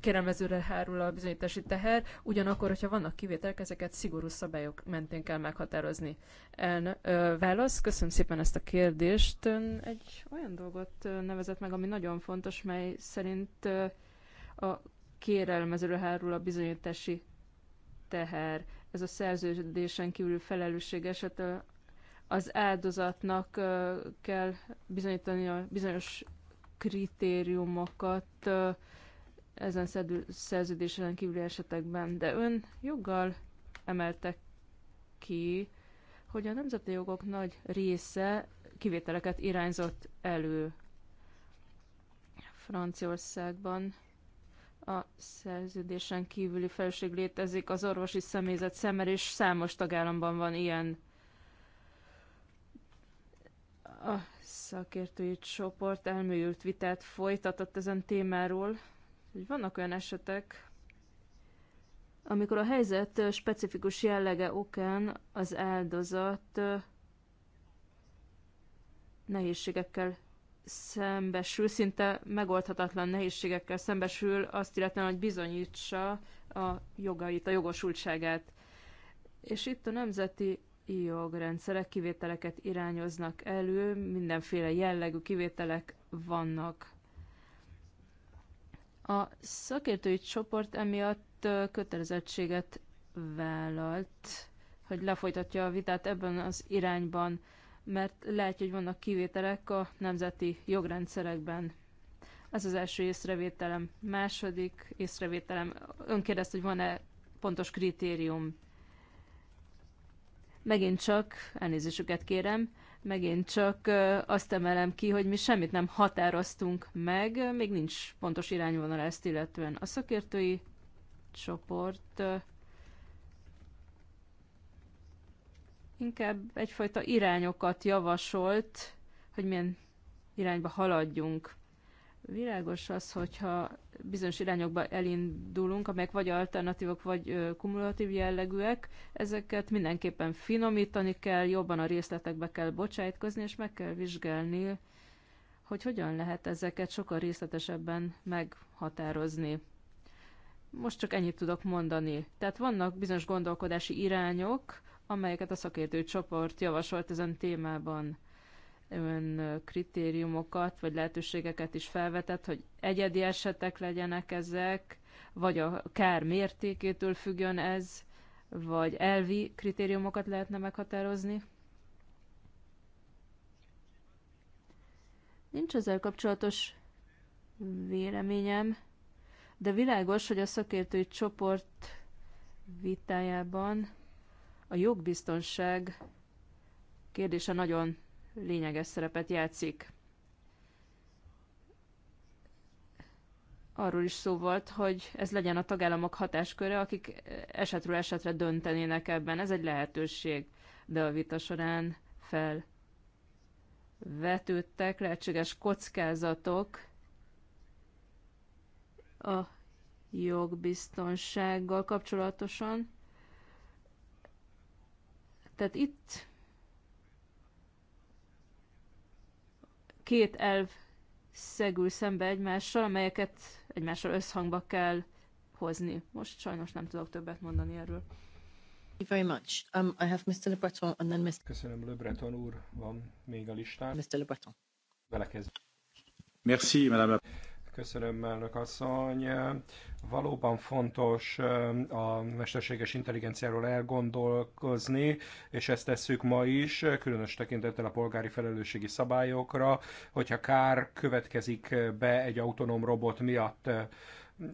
kérelmezőre hárul a bizonyítási teher, ugyanakkor, hogyha vannak kivételek, ezeket szigorú szabályok mentén kell meghatározni. Eln- ö, válasz, köszönöm szépen ezt a kérdést. Ön egy olyan dolgot nevezett meg, ami nagyon fontos, mely szerint a kérelmezőre hárul a bizonyítási teher. Ez a szerződésen kívül felelősség esetén az áldozatnak kell bizonyítani a bizonyos kritériumokat ezen szerződés ellen kívüli esetekben, de ön joggal emeltek ki, hogy a nemzeti jogok nagy része kivételeket irányzott elő Franciaországban. A szerződésen kívüli felség létezik, az orvosi személyzet szemmel, és számos tagállamban van ilyen a szakértői csoport elmélyült vitát folytatott ezen témáról, hogy vannak olyan esetek, amikor a helyzet specifikus jellege okán az áldozat nehézségekkel szembesül, szinte megoldhatatlan nehézségekkel szembesül, azt illetve, hogy bizonyítsa a jogait, a jogosultságát. És itt a nemzeti jogrendszerek kivételeket irányoznak elő, mindenféle jellegű kivételek vannak. A szakértői csoport emiatt kötelezettséget vállalt, hogy lefolytatja a vitát ebben az irányban, mert lehet, hogy vannak kivételek a nemzeti jogrendszerekben. Ez az első észrevételem. Második észrevételem. Ön kérdezte, hogy van-e pontos kritérium Megint csak, elnézésüket kérem, megint csak azt emelem ki, hogy mi semmit nem határoztunk meg, még nincs pontos irányvonal ezt illetően. A szakértői csoport inkább egyfajta irányokat javasolt, hogy milyen irányba haladjunk. Világos az, hogyha bizonyos irányokba elindulunk, amelyek vagy alternatívok, vagy kumulatív jellegűek, ezeket mindenképpen finomítani kell, jobban a részletekbe kell bocsájtkozni, és meg kell vizsgálni, hogy hogyan lehet ezeket sokkal részletesebben meghatározni. Most csak ennyit tudok mondani. Tehát vannak bizonyos gondolkodási irányok, amelyeket a szakértő csoport javasolt ezen témában ön kritériumokat vagy lehetőségeket is felvetett, hogy egyedi esetek legyenek ezek, vagy a kár mértékétől függjön ez, vagy elvi kritériumokat lehetne meghatározni? Nincs ezzel kapcsolatos véleményem, de világos, hogy a szakértői csoport vitájában a jogbiztonság kérdése nagyon lényeges szerepet játszik. Arról is szó volt, hogy ez legyen a tagállamok hatásköre, akik esetről esetre döntenének ebben. Ez egy lehetőség, de a vita során fel vetődtek lehetséges kockázatok a jogbiztonsággal kapcsolatosan. Tehát itt két elv szegül szembe egymással, amelyeket egymással összhangba kell hozni. Most sajnos nem tudok többet mondani erről. Very much. Um, I have Mr. Le Breton and then Mr. Köszönöm, Le Breton úr van még a listán. Mr. Le Breton. Vele Merci, madame. Köszönöm, elnök asszony. Valóban fontos eh, a mesterséges intelligenciáról elgondolkozni, és ezt tesszük ma is, különös tekintettel a polgári felelősségi szabályokra, hogyha kár következik be egy autonóm robot miatt eh,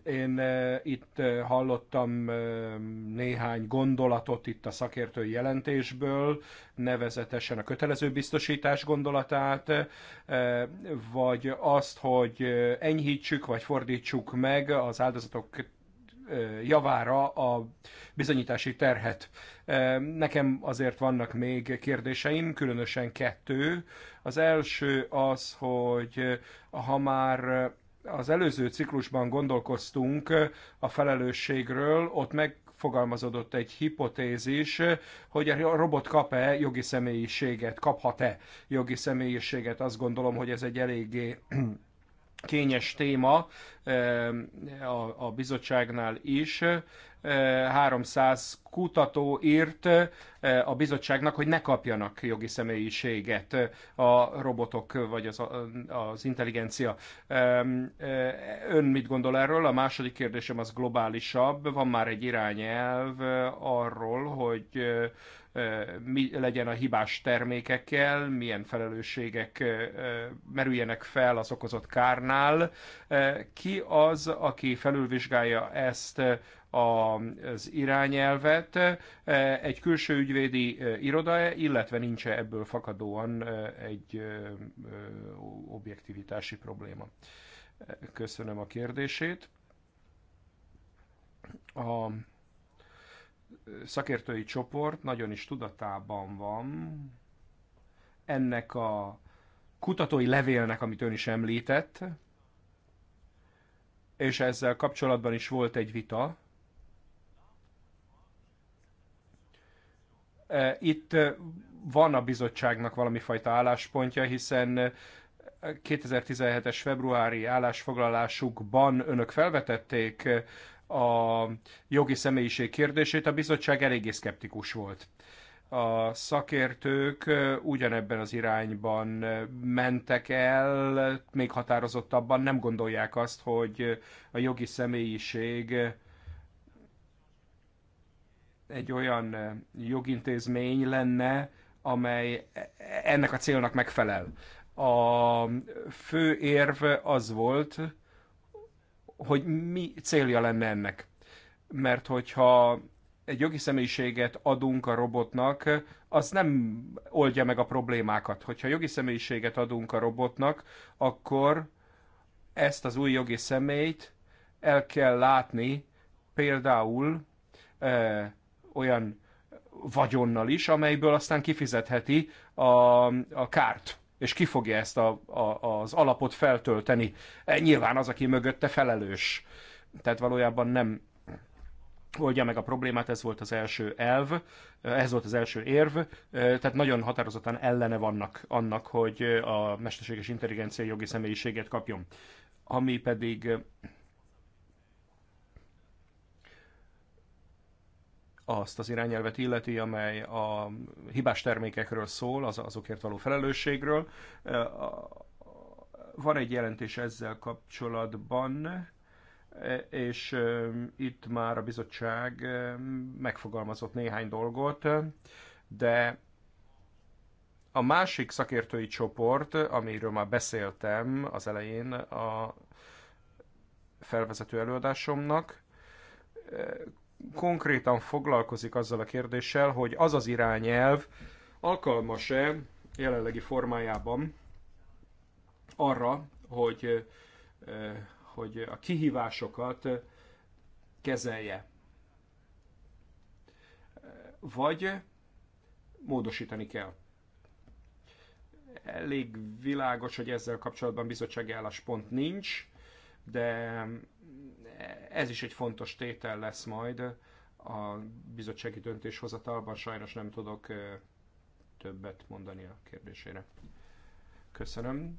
én itt hallottam néhány gondolatot itt a szakértői jelentésből, nevezetesen a kötelező biztosítás gondolatát, vagy azt, hogy enyhítsük vagy fordítsuk meg az áldozatok javára a bizonyítási terhet. Nekem azért vannak még kérdéseim, különösen kettő. Az első az, hogy ha már az előző ciklusban gondolkoztunk a felelősségről, ott megfogalmazódott egy hipotézis, hogy a robot kap-e jogi személyiséget, kaphat-e jogi személyiséget. Azt gondolom, hogy ez egy eléggé kényes téma a, bizottságnál is. 300 kutató írt eh, a bizottságnak, hogy ne kapjanak jogi személyiséget a robotok vagy az, az intelligencia. Eh, ön mit gondol erről? A második kérdésem az globálisabb. Van már egy irányelv eh, arról, hogy mi legyen a hibás termékekkel, milyen felelősségek merüljenek fel az okozott kárnál. Ki az, aki felülvizsgálja ezt az irányelvet e, egy külső ügyvédi e, iroda, illetve nincs -e ebből fakadóan e, egy objektivitási probléma. Köszönöm a kérdését. A szakértői csoport nagyon is tudatában van ennek a kutatói levélnek, amit ön is említett, és ezzel kapcsolatban is volt egy vita, Itt van a bizottságnak valami fajta álláspontja, hiszen 2017-es februári állásfoglalásukban önök felvetették a jogi személyiség kérdését, a bizottság eléggé szkeptikus volt. A szakértők ugyanebben az irányban mentek el, még határozottabban nem gondolják azt, hogy a jogi személyiség egy olyan jogintézmény lenne, amely e-, ennek a célnak megfelel. A fő érv az volt, hogy mi célja lenne ennek. Mert hogyha egy jogi személyiséget adunk a robotnak, az nem oldja meg a problémákat. Hogyha jogi személyiséget adunk a robotnak, akkor ezt az új jogi személyt el kell látni például olyan vagyonnal is, amelyből aztán kifizetheti a, a kárt és ki fogja ezt a, a, az alapot feltölteni. E, nyilván az, aki mögötte felelős. Tehát valójában nem oldja meg a problémát, ez volt az első elv, ez volt az első érv, e, tehát nagyon határozottan ellene vannak annak, hogy a mesterséges intelligencia jogi személyiséget kapjon. Ami pedig azt az irányelvet illeti, amely a hibás termékekről szól, az, azokért való felelősségről. Van egy jelentés ezzel kapcsolatban, és itt már a bizottság megfogalmazott néhány dolgot, de a másik szakértői csoport, amiről már beszéltem az elején a felvezető előadásomnak, konkrétan foglalkozik azzal a kérdéssel, hogy az az irányelv alkalmas-e jelenlegi formájában arra, hogy, hogy a kihívásokat kezelje. Vagy módosítani kell. Elég világos, hogy ezzel kapcsolatban bizottsági álláspont nincs, de ez is egy fontos tétel lesz majd a bizottsági döntéshozatalban. Sajnos nem tudok többet mondani a kérdésére. Köszönöm.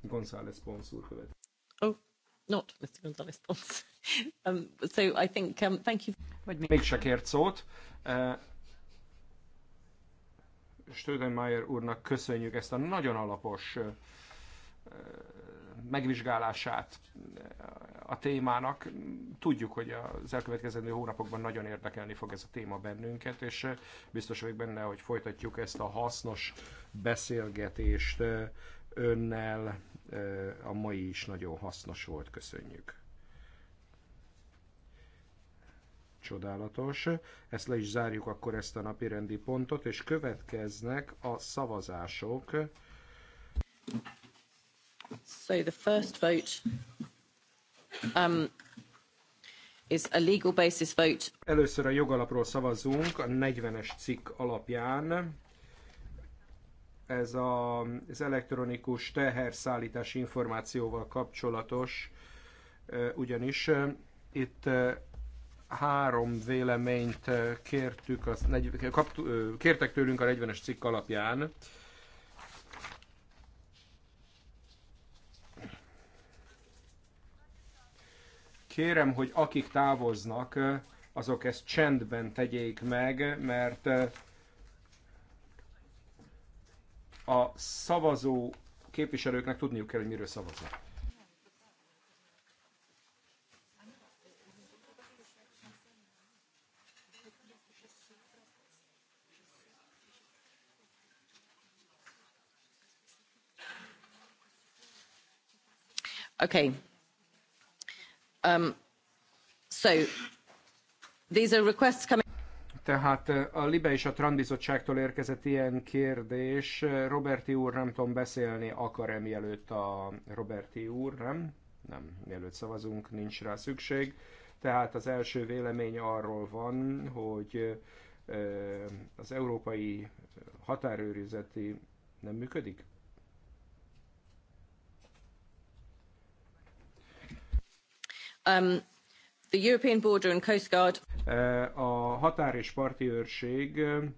González Pons úr követ. Oh, not Mr. González Pons. Um, so I think, um, thank you. Vagy még... se kért szót. Uh, úrnak köszönjük ezt a nagyon alapos uh, megvizsgálását a témának. Tudjuk, hogy az elkövetkezendő hónapokban nagyon érdekelni fog ez a téma bennünket, és eh, biztos vagyok benne, hogy folytatjuk ezt a hasznos beszélgetést eh, önnel. Eh, a mai is nagyon hasznos volt, köszönjük. Csodálatos. Ezt le is zárjuk akkor ezt a napi rendi pontot, és következnek a szavazások. So the first vote Um, Először a jogalapról szavazzunk a 40-es cikk alapján. Ez a, az elektronikus teherszállítási információval kapcsolatos, ugyanis itt három véleményt kértük, az, kértek tőlünk a 40-es cikk alapján Kérem, hogy akik távoznak, azok ezt csendben tegyék meg, mert a szavazó képviselőknek tudniuk kell, hogy miről szavaznak. Okay. Um, Tehát eh, a Libe és a Tran bizottságtól érkezett ilyen kérdés. Eh, Roberti úr, nem tudom beszélni, akar-e mielőtt a Roberti úr, nem? Nem, mielőtt szavazunk, nincs rá szükség. Tehát az első vélemény arról van, hogy eh, az európai határőrizeti nem működik? Um, the European Border and Coast Guard. Eh, a határ és parti őrség eh,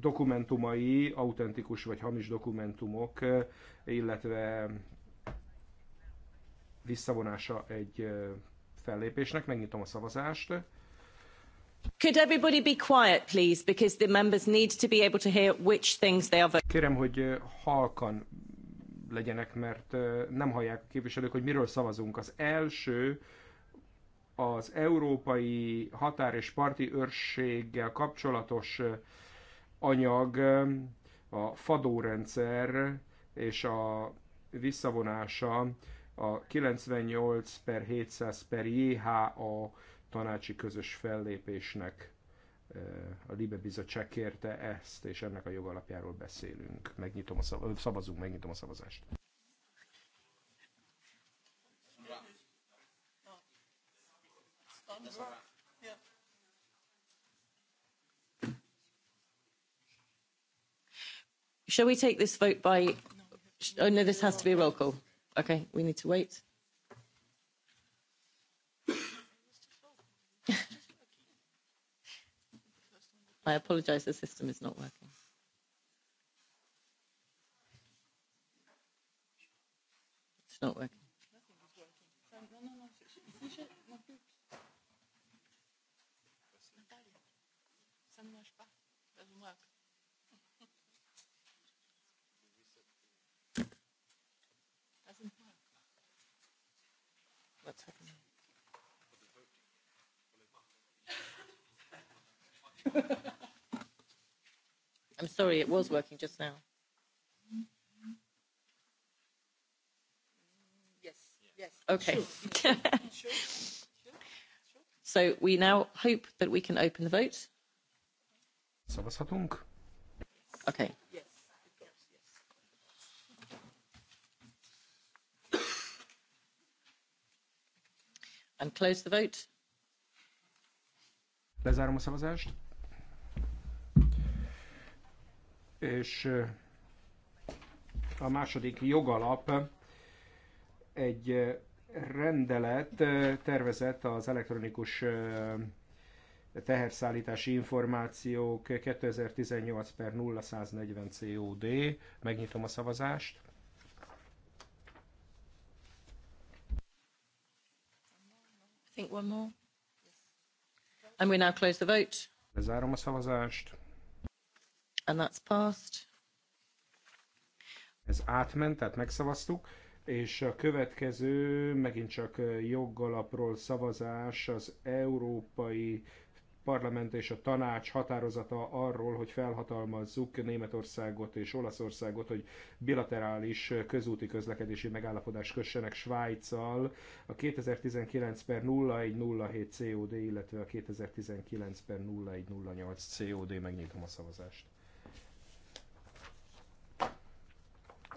dokumentumai, autentikus vagy hamis dokumentumok, eh, illetve visszavonása egy fellépésnek. Megnyitom a szavazást. Could everybody be quiet, please, because the members need to be able to hear which things they are voting. Kérem, hogy halkan legyenek, mert nem hallják a képviselők, hogy miről szavazunk. Az első az európai határ és parti őrséggel kapcsolatos anyag, a fadórendszer és a visszavonása a 98 per 700 per JHA tanácsi közös fellépésnek a Libe Bizottság kérte ezt, és ennek a jogalapjáról beszélünk. Megnyitom a szav- szavazunk, megnyitom a szavazást. Shall we take this vote by... Oh, no, this has to be a roll call. Okay, we need to wait. I apologize, the system is not working. It's not working. What's happening? I'm sorry, it was working just now. Yes, yes. Okay. Sure. So we now hope that we can open the vote. Szavazhatunk? Okay. Yes. And close the vote. Lezárom a szavazást. és a második jogalap egy rendelet tervezett az elektronikus teherszállítási információk 2018 per 0140 COD. Megnyitom a szavazást. I think one more. And we now close the vote. Lezárom a szavazást and that's passed. Ez átment, tehát megszavaztuk, és a következő megint csak joggalapról szavazás az Európai Parlament és a Tanács határozata arról, hogy felhatalmazzuk Németországot és Olaszországot, hogy bilaterális közúti közlekedési megállapodást kössenek Svájccal a 2019 per 0107 COD, illetve a 2019 per 0108 COD. Megnyitom a szavazást.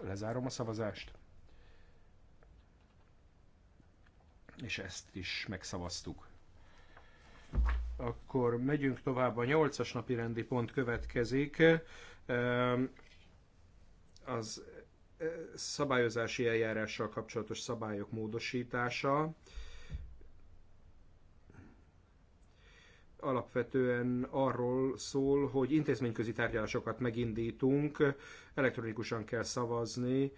Lezárom a szavazást. És ezt is megszavaztuk. Akkor megyünk tovább, a 8-as napi rendi pont következik. Ehm, az e, szabályozási eljárással kapcsolatos szabályok módosítása. alapvetően arról szól, hogy intézményközi tárgyalásokat megindítunk, elektronikusan kell szavazni,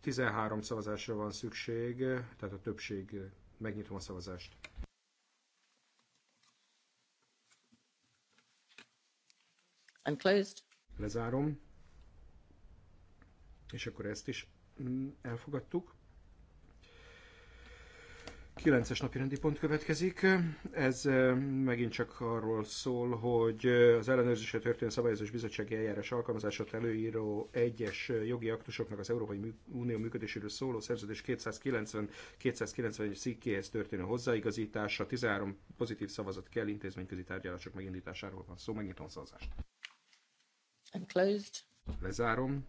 13 szavazásra van szükség, tehát a többség, megnyitom a szavazást. I'm closed. Lezárom. És akkor ezt is mm, elfogadtuk. Kilences napi rendi pont következik. Ez megint csak arról szól, hogy az ellenőrzésre történő szabályozás bizottsági eljárás alkalmazását előíró egyes jogi aktusoknak az Európai Unió működéséről szóló szerződés 290-291 szikkéhez történő hozzáigazítása. 13 pozitív szavazat kell intézményközi tárgyalások megindításáról van szó. Megnyitom a szavazást. I'm closed. Lezárom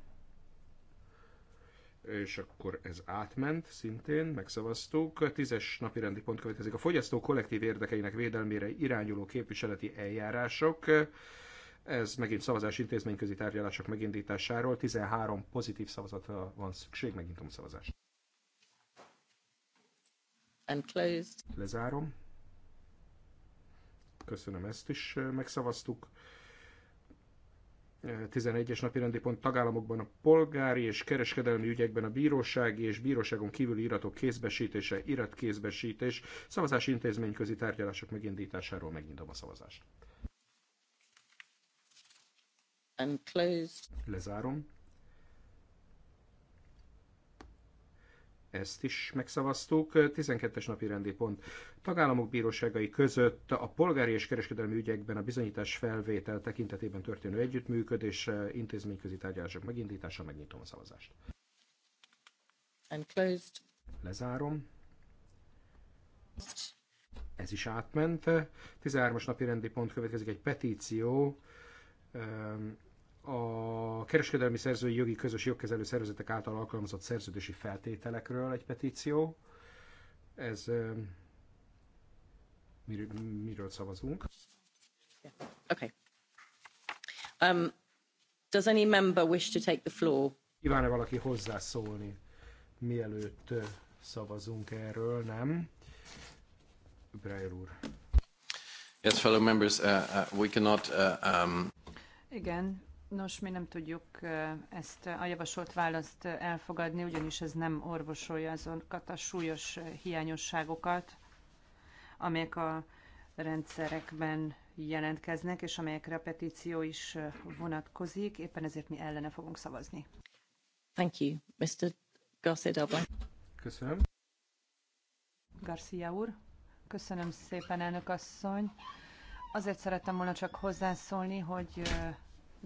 és akkor ez átment szintén, megszavaztuk. A tízes napi rendi pont következik. A fogyasztó kollektív érdekeinek védelmére irányuló képviseleti eljárások. Ez megint szavazás intézményközi tárgyalások megindításáról. 13 pozitív szavazatra van szükség. megint a szavazást. closed. Lezárom. Köszönöm, ezt is eh, megszavaztuk. 11-es napi rendi pont tagállamokban a polgári és kereskedelmi ügyekben a bírósági és bíróságon kívüli iratok kézbesítése, iratkézbesítés, szavazási intézményközi tárgyalások megindításáról megnyitom a szavazást. Lezárom. ezt is megszavaztuk. 12-es napi rendi pont. Tagállamok bíróságai között a polgári és kereskedelmi ügyekben a bizonyítás felvétel tekintetében történő együttműködés intézményközi tárgyalások megindítása. Megnyitom a szavazást. Lezárom. Ez is átment. 13-as napi rendi pont következik egy petíció a kereskedelmi szerzői jogi közös jogkezelő szervezetek által alkalmazott szerződési feltételekről egy petíció. Ez mir, miről szavazunk? Yeah. Okay. Um, does any member wish to take the floor? Kíván-e valaki hozzászólni, mielőtt szavazunk erről, nem? Breyer úr. Yes, fellow members, uh, uh, we cannot... Uh, um... Igen, Nos, mi nem tudjuk ezt a javasolt választ elfogadni, ugyanis ez nem orvosolja azokat a súlyos hiányosságokat, amelyek a rendszerekben jelentkeznek, és amelyekre a petíció is vonatkozik. Éppen ezért mi ellene fogunk szavazni. Thank you, Mr. Garcia Köszönöm. Garcia úr. Köszönöm szépen, elnök asszony. Azért szerettem volna csak hozzászólni, hogy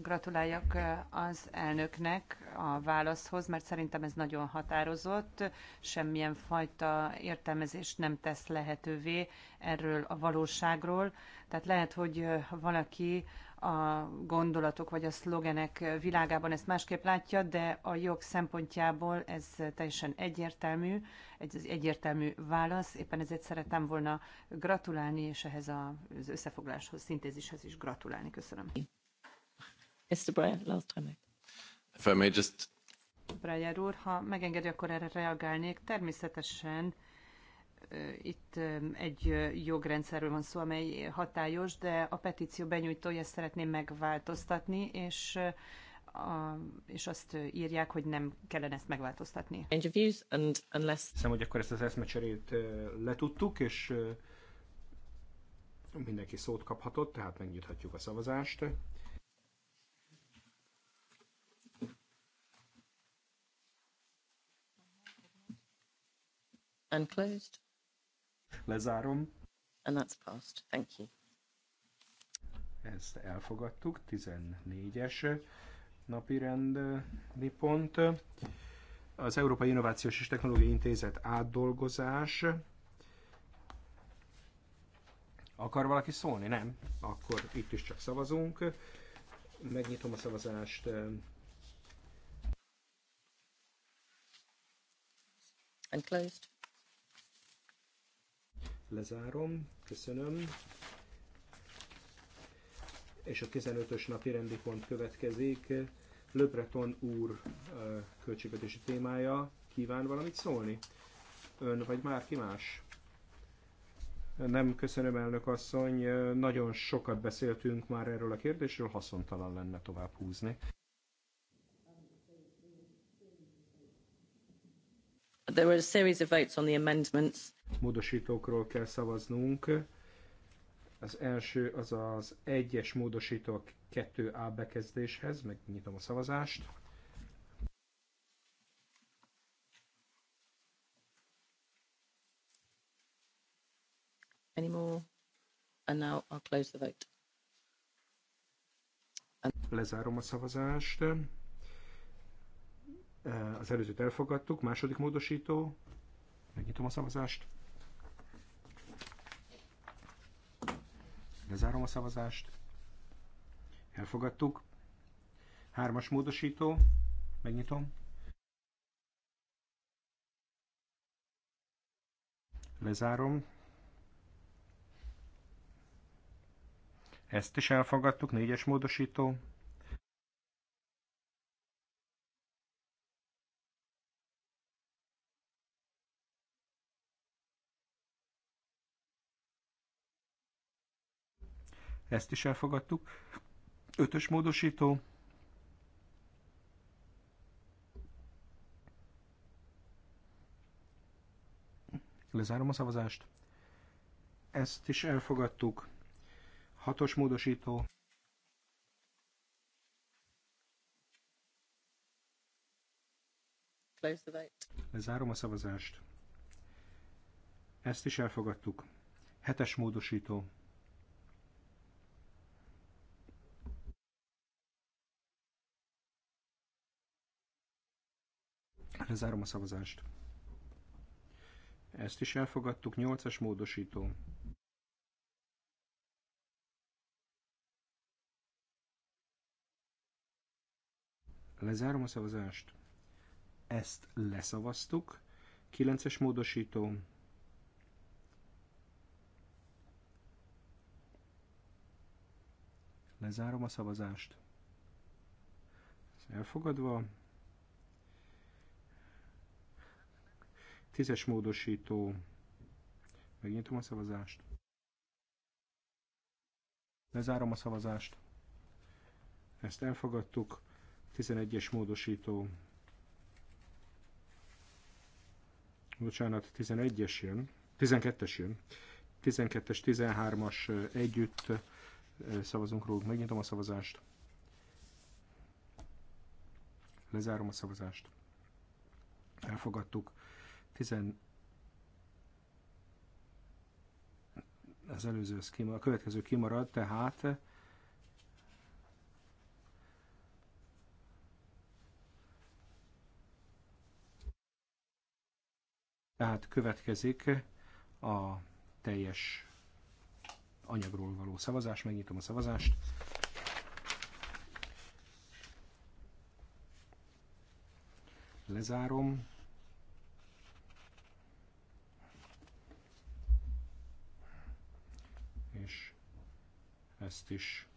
gratuláljak eh, az elnöknek a válaszhoz, mert szerintem ez nagyon határozott, semmilyen fajta értelmezés nem tesz lehetővé erről a valóságról. Tehát lehet, hogy eh, valaki a gondolatok vagy a szlogenek világában ezt másképp látja, de a jog szempontjából ez teljesen egyértelmű, egy, egyértelmű válasz. Éppen ezért szerettem volna gratulálni, és ehhez az összefogláshoz, szintézishez is gratulálni. Köszönöm. Mr. Brian, last If I may just... Breyer úr, ha megengedi, akkor erre reagálnék. Természetesen itt egy jogrendszerről van szó, amely hatályos, de a petíció benyújtója szeretném megváltoztatni, és, a, és azt írják, hogy nem kellene ezt megváltoztatni. and unless... Hiszem, hogy akkor ezt az eszmecserét letudtuk, és mindenki szót kaphatott, tehát megnyithatjuk a szavazást. And closed. Lezárom. And that's passed. Thank you. Ezt elfogadtuk, 14-es napi rendi pont. Az Európai Innovációs és Technológiai Intézet átdolgozás. Akar valaki szólni? Nem? Akkor itt is csak szavazunk. Megnyitom a szavazást. And closed. Lezárom. Köszönöm. És a 15-ös napi rendi pont következik. Le úr költségvetési témája. Kíván valamit szólni? Ön vagy márki más? Nem, köszönöm elnök asszony. Nagyon sokat beszéltünk már erről a kérdésről, haszontalan lenne tovább húzni. There were a series of votes on the amendments módosítókról kell szavaznunk. Az első az az egyes módosító 2A bekezdéshez, megnyitom a szavazást. Any more? And now I'll close the vote. And... Lezárom a szavazást. Az előzőt elfogadtuk. Második módosító. Megnyitom a szavazást. Lezárom a szavazást. Elfogadtuk. Hármas módosító. Megnyitom. Lezárom. Ezt is elfogadtuk. Négyes módosító. ezt is elfogadtuk. Ötös módosító, lezárom a szavazást. Ezt is elfogadtuk. Hatos módosító. Lezárom a szavazást. Ezt is elfogadtuk. Hetes módosító. Lezárom a szavazást. Ezt is elfogadtuk. 8-as módosító. Lezárom a szavazást. Ezt leszavaztuk. 9-es módosító. Lezárom a szavazást. Ez elfogadva. Tízes módosító. Megnyitom a szavazást. Lezárom a szavazást. Ezt elfogadtuk. 11-es módosító. Bocsánat, 11-es jön. 12-es jön. 12-es, 13-as együtt szavazunk róluk. Megnyitom a szavazást. Lezárom a szavazást. Elfogadtuk. Tizen... Az előző az a következő kimarad, tehát Tehát következik a teljes anyagról való szavazás. Megnyitom a szavazást. Lezárom. Ezt is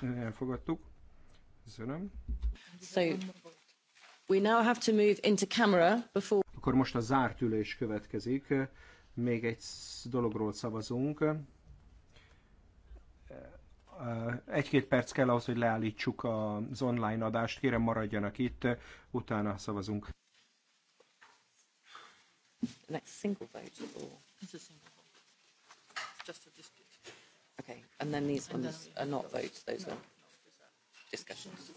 elfogadtuk. Köszönöm. So, we now have to move into camera before... Akkor most a zárt ülés következik. Még egy dologról szavazunk. Egy-két perc kell ahhoz, hogy leállítsuk az online adást. Kérem, maradjanak itt, utána szavazunk. Next single vote or... It's a single vote. Just at this Okay, and then these ones are not votes, those are discussions.